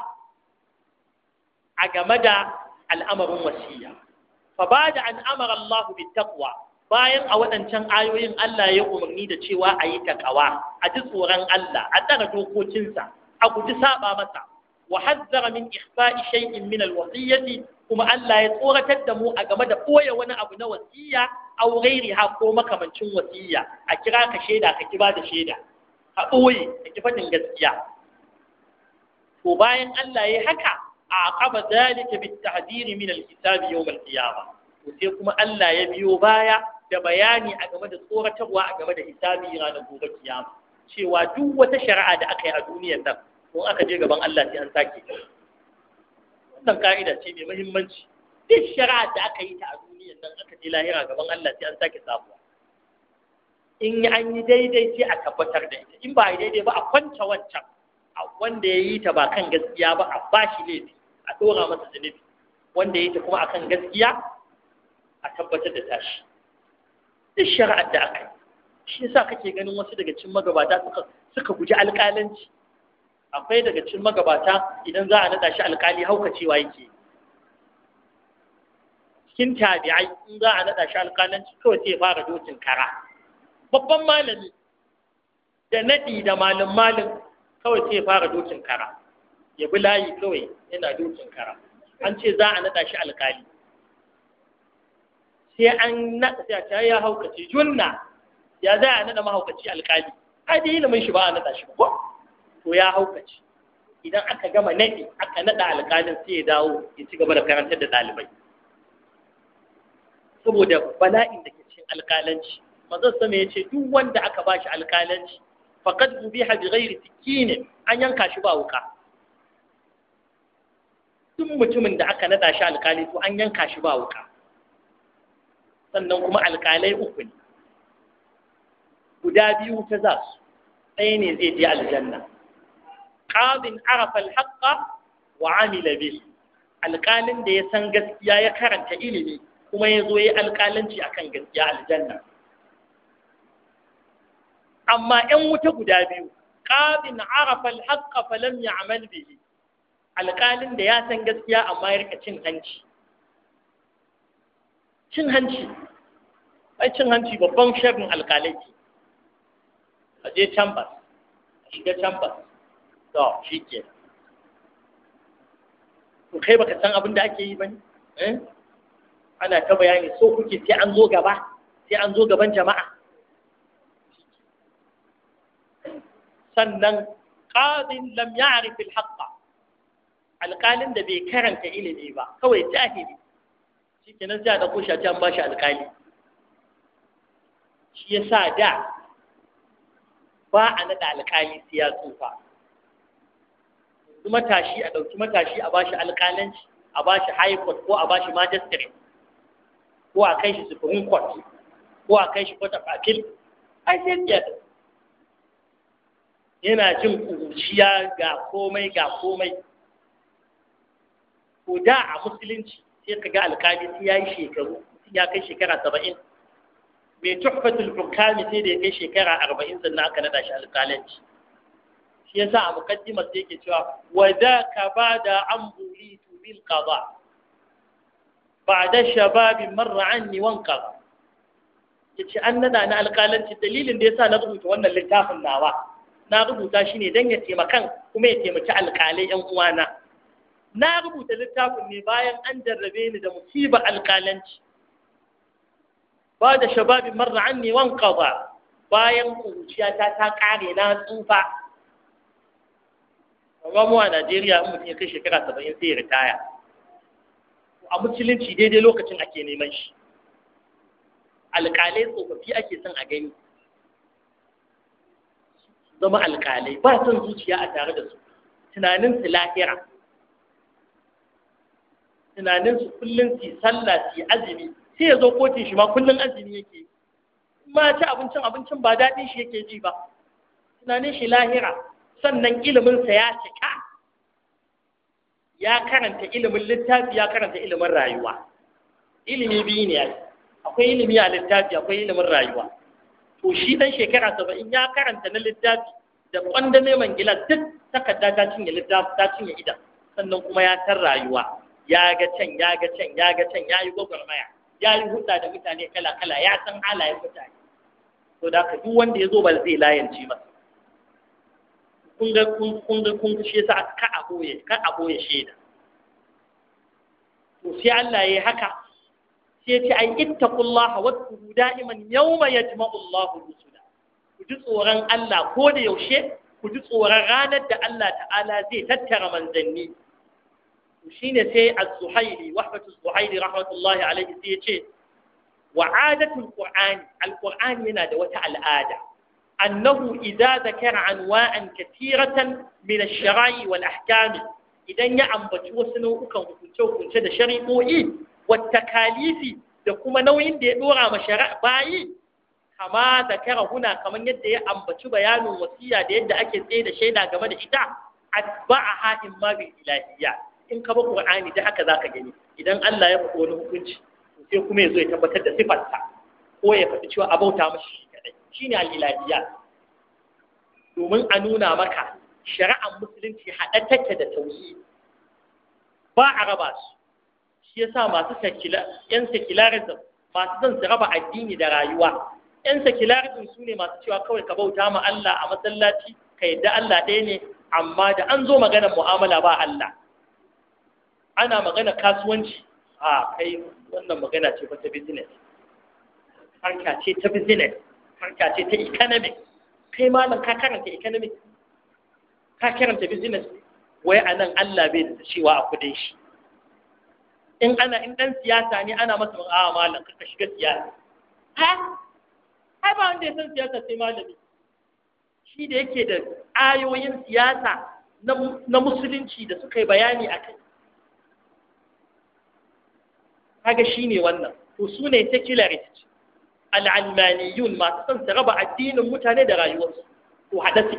a game da al'amarin wasiyya. Ka ba da an amara bi bayan a waɗancan ayoyin Allah ya umarni da cewa a yi takawa a ji tsoron Allah a tsara dokokinsa a guji saba masa wa hazzara min ihfa'i shay'in min al kuma Allah ya tsoratar da mu a game da ɓoye wani abu na wasiya a wurairi ha ko makamancin wasiyya a kira ka shaida ka kiba da shaida a ka ki faɗin gaskiya to bayan Allah ya haka aqaba zalika bit-ta'dir min al kitab yawm al-qiyamah sai kuma Allah ya biyo baya da bayani a game da tsoratarwa a game da hisabi ranar gobe kiyama cewa duk wata shari'a da aka yi a duniyar nan ko aka je gaban Allah sai an sake wannan ka'ida ce mai muhimmanci duk shari'a da aka yi ta a duniyar nan aka je lahira gaban Allah sai an sake sabuwa in an yi daidai sai a tabbatar da ita in ba yi daidai ba a kwanta wancan a wanda ya yi ta ba kan gaskiya ba a bashi laifi a ɗora masa zunubi wanda yake kuma a kan gaskiya a tabbatar da tashi duk shari'ar da aka yi shi sa kake ganin wasu daga cin magabata suka guji alƙalanci akwai daga cin magabata idan za a naɗa shi alƙali haukacewa yake cikin tabi'ai in za a naɗa shi alƙalanci kawai sai fara dokin kara babban malami da naɗi da malin malin kawai sai fara dokin kara ya bi layi kawai yana dokin kara an ce za a naɗa shi alkali sai an naɗa sai a ce ya haukace junna ya za a naɗa mahaukaci alkali ai da ilimin shi ba a naɗa shi ba to ya haukace idan aka gama naɗi aka naɗa alkalin sai ya dawo ya ci gaba da karantar da ɗalibai saboda bala'in da ke cikin alkalanci manzon sama ya ce duk wanda aka shi alkalanci faqad ubiha bi ghairi tikinin an yanka shi ba wuka duk mutumin da aka nada shi alkali to an yanka shi ba wuka sannan kuma alkalai uku ne guda biyu ta za su ɗaya ne zai je aljanna qadin arafa alhaqqa wa amila alkalin da ya san gaskiya ya karanta ilimi kuma ya zo ya yi alkalanci akan gaskiya aljanna amma ‘yan wuta guda biyu, ƙafin arafa haƙƙa falam ya amal bihi, alƙalin da ya san gaskiya amma ya rika cin hanci cin hanci ai cin hanci babban shafin alƙalai ce a je chambers a shiga chambers to shi ke to kai baka san abin da ake yi ba ne eh? ana ta bayani so kuke sai an zo gaba sai an zo gaban jama'a sannan qadin lam ya'rif al-haqq alƙalin da bai karanta ilimi ba kawai jahili shi kenan sai da ɗauko shi can ba shi alƙali shi ya sa da ba a naɗa alƙali sai ya tsufa matashi a ɗauki matashi a bashi alƙalanci a bashi high court ko a bashi magistrate ko a kai shi supreme court ko a kai shi court of appeal ai sai ya yana jin kuruciya ga komai ga komai ko da a musulunci sai ka ga alkali sai ya yi shekaru ya kai shekara saba'in mai tuhfatul hukami sai da ya kai shekara arba'in sannan aka nada shi alkalanci shi yasa a mukaddimar sai yake cewa wa ka ba da an buritu bil Ba da shababi marra wanka ba. Ya ce an nada na alkalanci dalilin da ya sa na rubuta wannan littafin nawa na rubuta shi ne don ya taimakan kuma ya taimaki alkalai yan uwana na rubuta littafin ne bayan an jarrabe ni da musiba alƙalanci ba da shababin marra an ne ba, bayan kuruciyata ta ƙare na tsufa amma mu a Najeriya in mutum kai shekara saba'in sai ya ritaya a musulunci daidai lokacin ake neman shi alƙalai tsofaffi ake son a gani zama alƙalai ba son zuciya a tare da su tunanin su lahira tunanin su kullum su sallah su azumi sai ya zo kotun shi ma kullum azumi yake ma ci abincin abincin ba daɗin shi yake ji ba tunanin shi lahira sannan ilimin sa ya cika ya karanta ilimin littafi ya karanta ilimin rayuwa ilimi biyu ne akwai ilimi a littafi akwai ilimin rayuwa to shi dan shekara saba'in ya karanta na littafi da kwandame mangila duk takarda ta cinye littafi ta cinye idan sannan kuma ya tar rayuwa ya ga can ya ga can ya ga can ya yi gwagwarmaya ya yi hulɗa da mutane kala-kala ya san halayen mutane to da ka duk wanda ya zo ba zai layance ba kun ga kun ga kun ga shi yasa ka a ka a boye shaida to sai Allah yayi haka sai ce ai ittaqullaha wattaqu da'iman yawma yajma'u Allahu rusula ku ji tsoron Allah ko da yaushe ku ji tsoron ranar da Allah ta'ala zai tattara manzanni shine sai az zuhairi wahbatu az rahmatullahi alaihi sai yace wa adatul qur'ani al-qur'ani yana da wata al'ada annahu idza zakara anwa'an katiratan min ash-shara'i wal ahkami idan ya ambaci wasu nau'ukan hukunce-hukunce da shari'o'i wata kalifi da kuma nauyin da ya dora ma bayi kama da huna kamar yadda ya ambaci bayanin wasiya da yadda ake tsaye da shaida game da ita atba'a haɗin ma bil ilahiyya in ka ba Kur'ani da haka zaka gani idan Allah ya faɗi wani hukunci sai kuma yazo ya tabbatar da sifarsa ko ya faɗi cewa abauta mashi kadai shine al-ilahiyya domin a nuna maka shari'ar musulunci haɗa take da tauhid ba a raba su shi yasa masu yan secularism masu zan su raba addini da rayuwa yan secularism su ne masu cewa kawai ka bauta ma Allah a masallaci ka yadda Allah ɗaya ne amma da an zo maganar mu'amala ba Allah ana magana kasuwanci a kai wannan magana ce ta business harka ce ta business harka ce ta economic kai malam ka karanta economic ka karanta business wai a nan Allah bai da cewa a kudin shi in ana in dan siyasa ne ana masa a ah, malam ka shiga siyasa ha ai ba wanda ya san siyasa sai malami shi da yake da ayoyin siyasa na musulunci da suka yi bayani a kai kaga shine wannan to su ne secularists al'almaniyun masu son su raba addinin mutane da rayuwarsu ko haɗa suke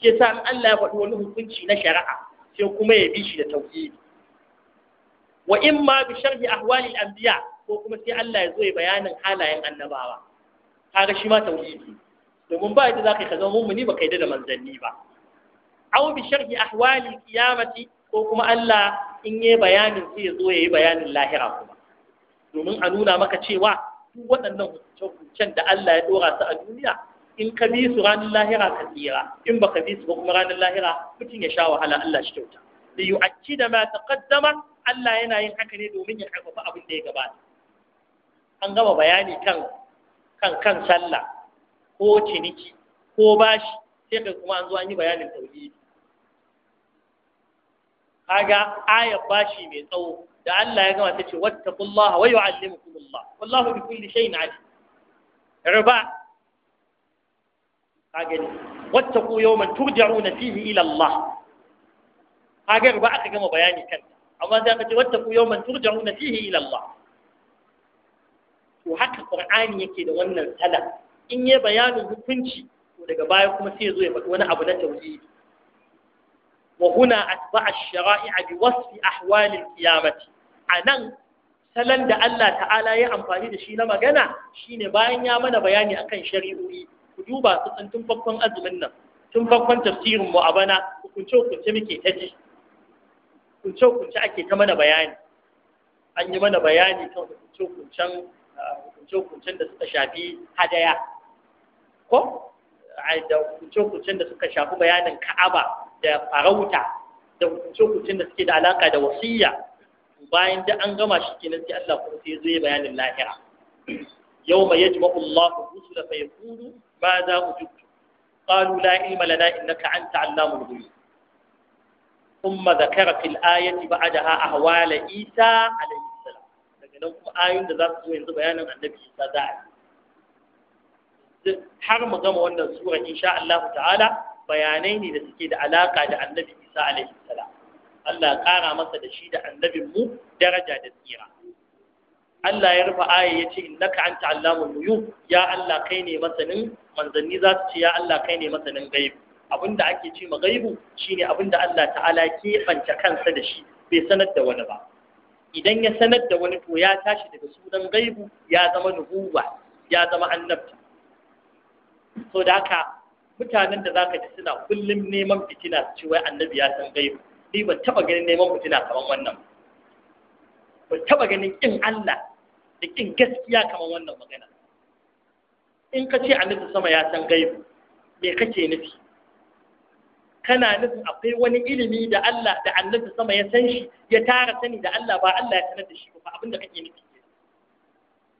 shi yasa in Allah ya faɗi wani hukunci na shari'a sai kuma ya bi shi da tauhidi wa in ma bi sharhi ahwali anbiya ko kuma sai Allah ya zo ya bayanin halayen annabawa kaga shi ma tauhidi domin ba yadda zaka ka zama mummuni baka yadda da manzanni ba aw bi sharhi ahwali qiyamati ko kuma Allah in yayi bayanin sai ya zo ya yi bayanin lahira domin a nuna maka cewa duk waɗannan hukuncen da Allah ya dora su a duniya in ka bi su ranar lahira ka tsira in ba ka bi su ba kuma ranar lahira mutum ya sha wahala Allah shi kyauta da yu'acci da ma kaddama Allah yana yin haka ne domin ya haifafa abin da ya gabata an gama bayani kan kan kan sallah ko ciniki ko bashi sai kai kuma an zo an yi bayanin tauhidi kaga ayar bashi mai tsawo da Allah ya gama ta ce wattaqullaha wa yu'allimukumullah wallahu bi kulli shay'in alim riba kage ni wattaqu yawman turja'una fihi ila Allah kage riba aka gama bayani kan amma sai aka ce wattaqu yawman turja'una fihi ila Allah to haka Qur'ani yake da wannan sala in yi bayanin hukunci to daga baya kuma sai ya zo ya faɗi wani abu na tauhidi وهنا أتبع الشرائع بوصف أحوال القيامة a nan salon da Allah ta'ala ya amfani da shi na magana shi ne bayan ya mana bayani akan shari'o'i ku duba su tun farkon azumin nan tun farkon tafsirin mu a bana hukunce hukunce muke ta ji hukunce hukunce ake ta mana bayani an yi mana bayani kan hukunce hukuncen hukunce hukuncen da suka shafi hadaya ko da hukunce hukuncen da suka shafi bayanin ka'aba da farauta da hukunce hukuncen da suke da alaka da wasiyya bayan da an gama shi kenan sai Allah kuma sai zai bayanin lahira yawma yajma'u Allah rusula fa yaqulu ma za ujibtu qalu la ilma lana innaka anta allamul ghuyub ثم ذكر في الآية بعدها أهوال إيسى عليه السلام لكن لو آية ذات سوى بيانا عن النبي إيسى داعي har mu gama wannan sura insha Allah ta'ala bayanai ne da suke da alaka da Annabi Isa alaihi salam Allah ƙara masa da shi da annabin mu daraja da tsira Allah ya rufe aya ya ce innaka anta allamul ghuyub ya Allah kai ne masanin manzanni za su ce ya Allah kai ne masanin gaibu da ake ce ma gaibu shine da Allah ta'ala ke fanta kansa da shi bai sanar da wani ba idan ya sanar da wani to ya tashi daga sunan gaibu ya zama nubuwa ya zama annabta so da haka mutanen da zaka ji suna kullum neman fitina su ce wai annabi ya san gaibu ni ban taba ganin neman fitina kamar wannan ba taba ganin kin Allah da kin gaskiya kamar wannan magana in ka ce annabi sama ya san gaibu me kake nufi kana nufin akwai wani ilimi da Allah da annabi sama ya san shi ya tara sani da Allah ba Allah ya sanar da shi ba abinda da kake nufi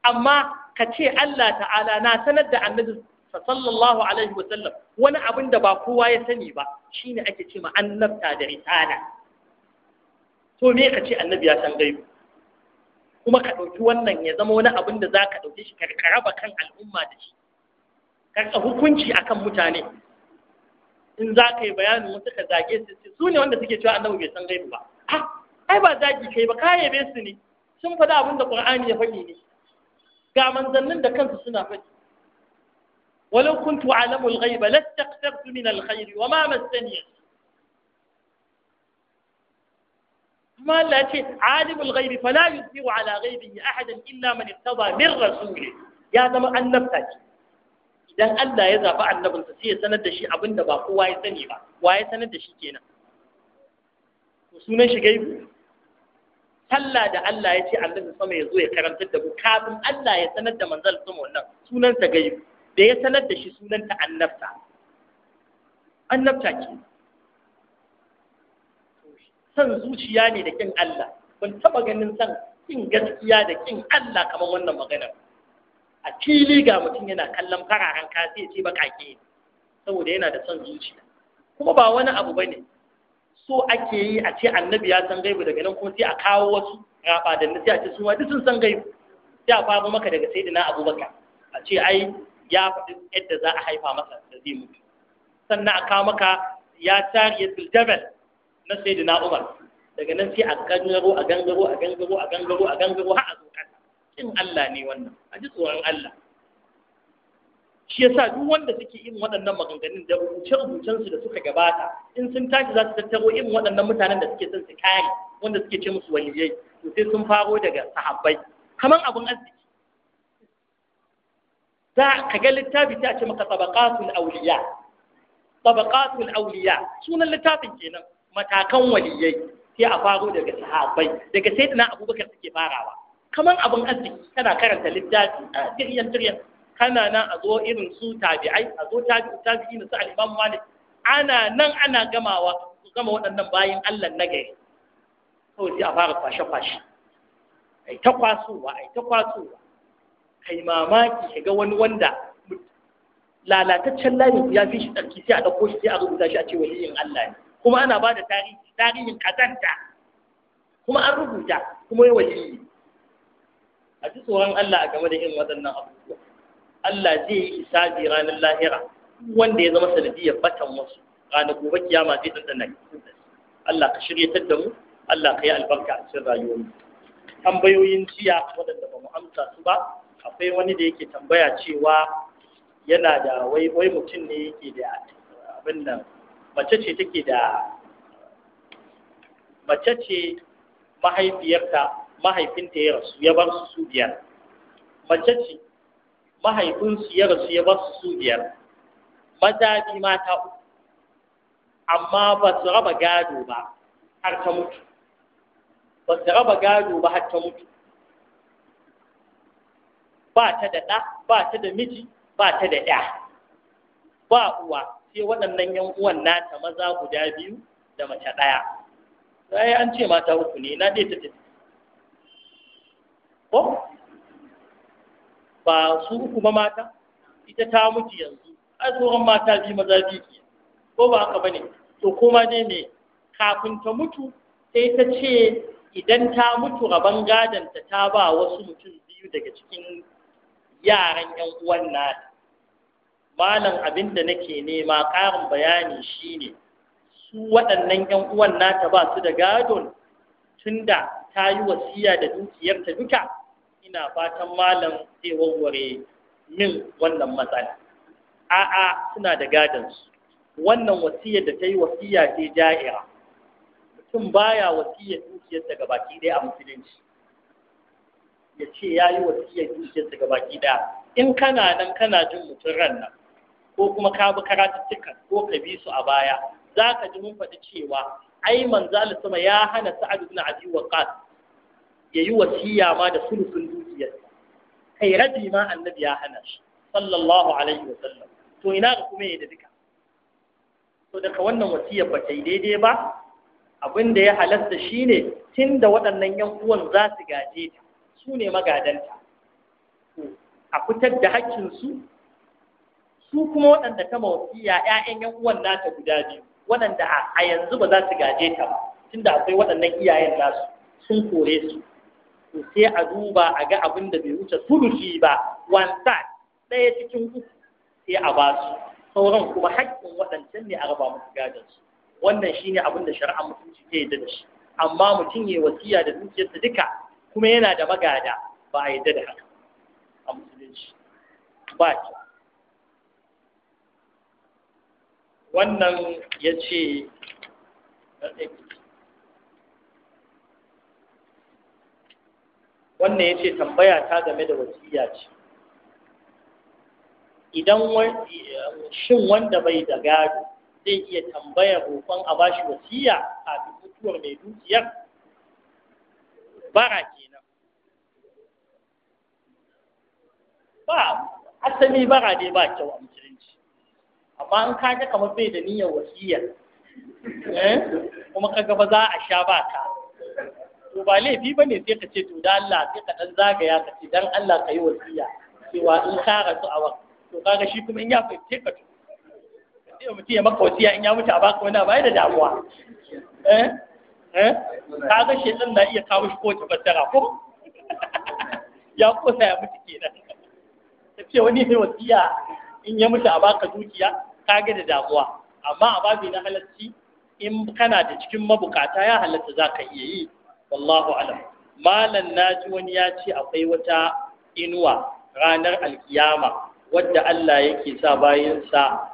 amma ka ce Allah ta'ala na sanar da annabi sallallahu alaihi wa sallam wani abin da ba kowa ya sani ba shine ake ce ma annabta da risala to me ka ce annabi ya san gaibi kuma ka ɗauki wannan ya zama wani abin da za ka ɗauke shi ka raba kan al'umma da shi ka hukunci akan mutane in za ka yi bayanin wasu ka zage su su ne wanda suke cewa annabi bai san gaibi ba ah, ai ba zagi kai ba ka yabe su ne sun faɗa abin da qur'ani ya faɗi ne ga manzannin da kansu suna faɗi ولو كنت أعلم الغيب لاستقفرت من الخير وما مسني ما التي عالم الغيب فلا يذبر على غيبه أحدا إلا من ارتضى من رسوله يا دم أنبتك إذا ألا يذهب أنب تسير سند شيء أبن نباق واي سنبا واي سند الشيء كينا وسنش غيب صلى دا ألا يتي الله سمي يزو يكرم تدبو كابم الله يسند منزل سمو الله سنن سغيب da ya sanar da shi sunanta annabta annabta ke san zuciya ne da kin Allah ban taba ganin san kin gaskiya da kin Allah kamar wannan maganar a fili ga mutum yana kallon fararen kasi ce bakake saboda yana da son zuciya kuma ba wani abu bane so ake yi a ce annabi ya san gaibu daga nan kuma sai a kawo wasu raba da sai a ce su ma duk sun san gaibu sai a fara maka daga sayyidina abubakar a ce ai ya faɗi yadda za a haifa masa da zai mutu sannan a kawo maka ya tariya tuljabal na da Na'umar, daga nan sai a gangaro a gangaro a gangaro a gangaro a gangaro har a zo kasa in Allah ne wannan a ji tsoron Allah shi yasa duk wanda suke yin waɗannan maganganun da rubuce-rubucen su da suka gabata in sun tashi za su tattaro irin waɗannan mutanen da suke son su kare wanda suke ce musu waliyai to sai sun faro daga sahabbai kaman abun arziki za ka ga littafi ta ce maka tabaqatul awliya tabaqatul awliya sunan littafin kenan matakan waliyai sai a faro daga sahabbai daga sayyidina abubakar suke farawa kamar abin arziki kana karanta littafi a ah, tiryan tiryan kana nan a zo irin su tabi'ai a zo tabi'u tabi'i su al-imam malik ana nan ana gamawa su gama waɗannan bayin Allah na gari kawai sai a fara kwashe kwashe ai ta kwasowa ai ta kwasowa kai mamaki ka ga wani wanda lalataccen layin ya fi shi tsarki sai a ɗauko shi sai a rubuta shi a ce waliyin Allah ne kuma ana ba da tarihi tarihin kazanta kuma an rubuta kuma ya waliyi a ji tsoron Allah a game da irin waɗannan abubuwa Allah zai yi hisabi ranar lahira wanda ya zama sanadiyar batan wasu ranar gobe kiyama zai dandana Allah ka shiryatar da mu Allah ka yi albarka a cikin rayuwarmu tambayoyin jiya waɗanda ba mu amsa su ba akwai wani da yake tambaya cewa yana da wai wai mutum ne yake da abin nan mace ce take da mace ce mahaifiyarta mahaifinta ya rasu ya bar su su biyar mace ce mahaifinsu ya rasu ya bar su su biyar maza bi mata uku amma ba su raba gado ba har ta mutu ba su raba gado ba har ta mutu ba ta da ɗa ba ta da miji ba ta da ɗa ba uwa sai waɗannan yan uwan nata maza guda biyu da mace ɗaya sai an ce mata uku ne na ɗaya ta tafi ko ba su uku ba mata ita ta mutu yanzu ai tsohon mata biyu maza biyu ke ko ba haka bane to kuma dai me kafin ta mutu sai ta ce idan ta mutu rabon gadonta ta ba wasu mutum biyu daga cikin yaran yan uwan nata malam abin da nake nema karin bayani shine su waɗannan yan uwan nata ba su da gadon tunda ta yi wasiya da dukiyarta duka ina fatan malam zai warware min wannan matsala a'a suna da gadon su. wannan wasiyar da ta yi wasiya ce ja'ira mutum baya wasiyar dukiyar ta baki ɗaya a musulunci ya ce ya yi wasiyar dukiyarsa ga baki ɗaya in kana nan kana jin mutum ran nan ko kuma ka bi karatuttukan ko ka bi su a baya za ka ji mun faɗi cewa ai manzo sama ya hana sa'ad ibn abi waqas ya yi wasiya ma da sulusun dukiyarsa kai rabi ma annabi ya hana shi sallallahu alaihi wa sallam to ina ga kuma yadda duka to daga wannan wasiyar ba ta yi daidai ba abin da ya halasta shine tunda waɗannan yan uwan za su gaje ta su ne magadanta a fitar da haƙƙinsu su su kuma waɗanda ta mawafiya ‘ya'yan ‘yan uwan nata guda biyu waɗanda a yanzu ba za su gaje ta ba tunda akwai waɗannan iyayen nasu sun kore su to sai a duba a ga abin da bai wuce sulushi ba one third ɗaya cikin uku sai a ba su sauran kuma haƙƙin waɗancan ne a raba musu gadon su wannan shine abin da shari'a mutunci ta yadda da shi amma mutum ya wasiya da dukiyarsa duka kuma yana da magada ba a yadda da haka a musulunci ba ki wannan ya ce wannan ya ce tambaya ta game da wasiya ce idan shin wanda bai da gado zai iya tambaya roƙon a bashi wasiya a mutuwar mai dukiyar bara ba asali bara dai ba kyau a musulunci amma in ka ga kamar bai da niyyar wasiyar eh, kuma kaga ba za a sha ba ka to ba laifi ba ne sai ka ce to da Allah sai ka dan zagaya ka ce dan Allah ka yi wasiya cewa in ka rasu a wa to kaga shi kuma in ya fahimce ka to sai mutum ya maka wasiya in ya mutu a baka wani ba da damuwa eh eh kaga shi din na iya kawo shi ko ta fassara ko [LAUGHS] ya kosa ya mutu kenan ta ce wani mai wasiya in ya mutu a baka dukiya ka ga da damuwa amma a babi na halarci in kana da cikin mabukata ya halarta za ka iya yi wallahu alam malan naji wani ya ce akwai wata inuwa ranar alkiyama wadda Allah yake sa bayansa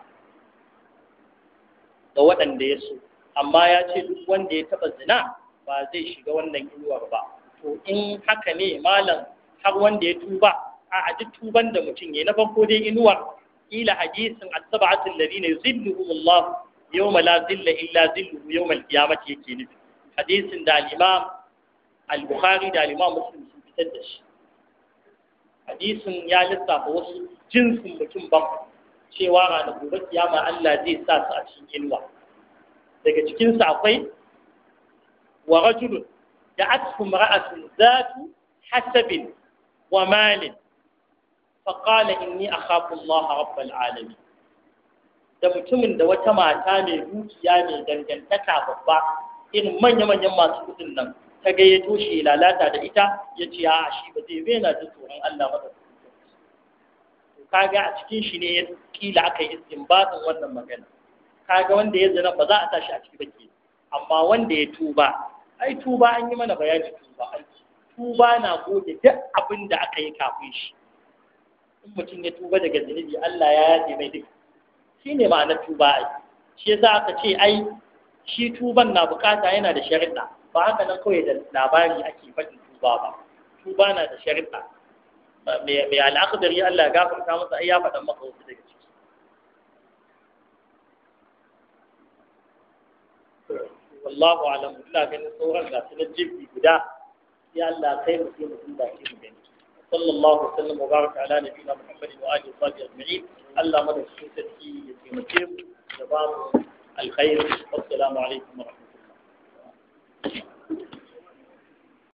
ga waɗanda ya so amma ya ce duk wanda ya taɓa zina ba zai shiga wannan inuwar ba to in haka ne malam har wanda ya tuba a duk tuban da mutum ya na farko dai inuwar ila hadisin as-sab'atu alladhina yuzilluhum Allah yawma la zilla illa zilluhu yawma al-qiyamah yake nufi hadisin da al-Imam al-Bukhari da al-Imam Muslim sun fitar da shi hadisin ya lissafa wasu jinsin mutum ba cewa ranar gobe kiyama Allah zai sa su a cikin inuwa daga cikin sa akwai wa rajulun da'atkum ra'atun zatu hasabin wa malin faƙala inni a kafin maha rabbal alami da mutumin da wata mata mai dukiya mai dangantaka babba irin manya-manyan masu kudin nan ta gayyato shi lalata da ita ya ce a shi ba zai bai na tsoron Allah ba kaga a cikin shi ne ya kila aka yi istinbatin wannan magana kaga wanda ya zina ba za a tashi a ciki ba ke amma wanda ya tuba ai tuba an yi mana bayani tuba ai tuba na goge duk abin da aka yi kafin shi in mutum ya tuba daga zunubi Allah ya yafe mai duka shine ma'anar tuba ai shi yasa aka ce ai shi tuban na bukata yana da shari'a ba haka nan kawai da labari ake faɗin tuba ba tuba na da shari'a mai al'akadari Allah ya gafarta masa ai ya faɗa maka wasu daga ciki wallahu alam ina ganin sauran ga su jibbi guda ya Allah kai mu mu shi mu gani صلى الله وسلم وبارك على نبينا محمد وآله وصحبه أجمعين الله من السنة يتمكن جبار الخير والسلام عليكم ورحمة الله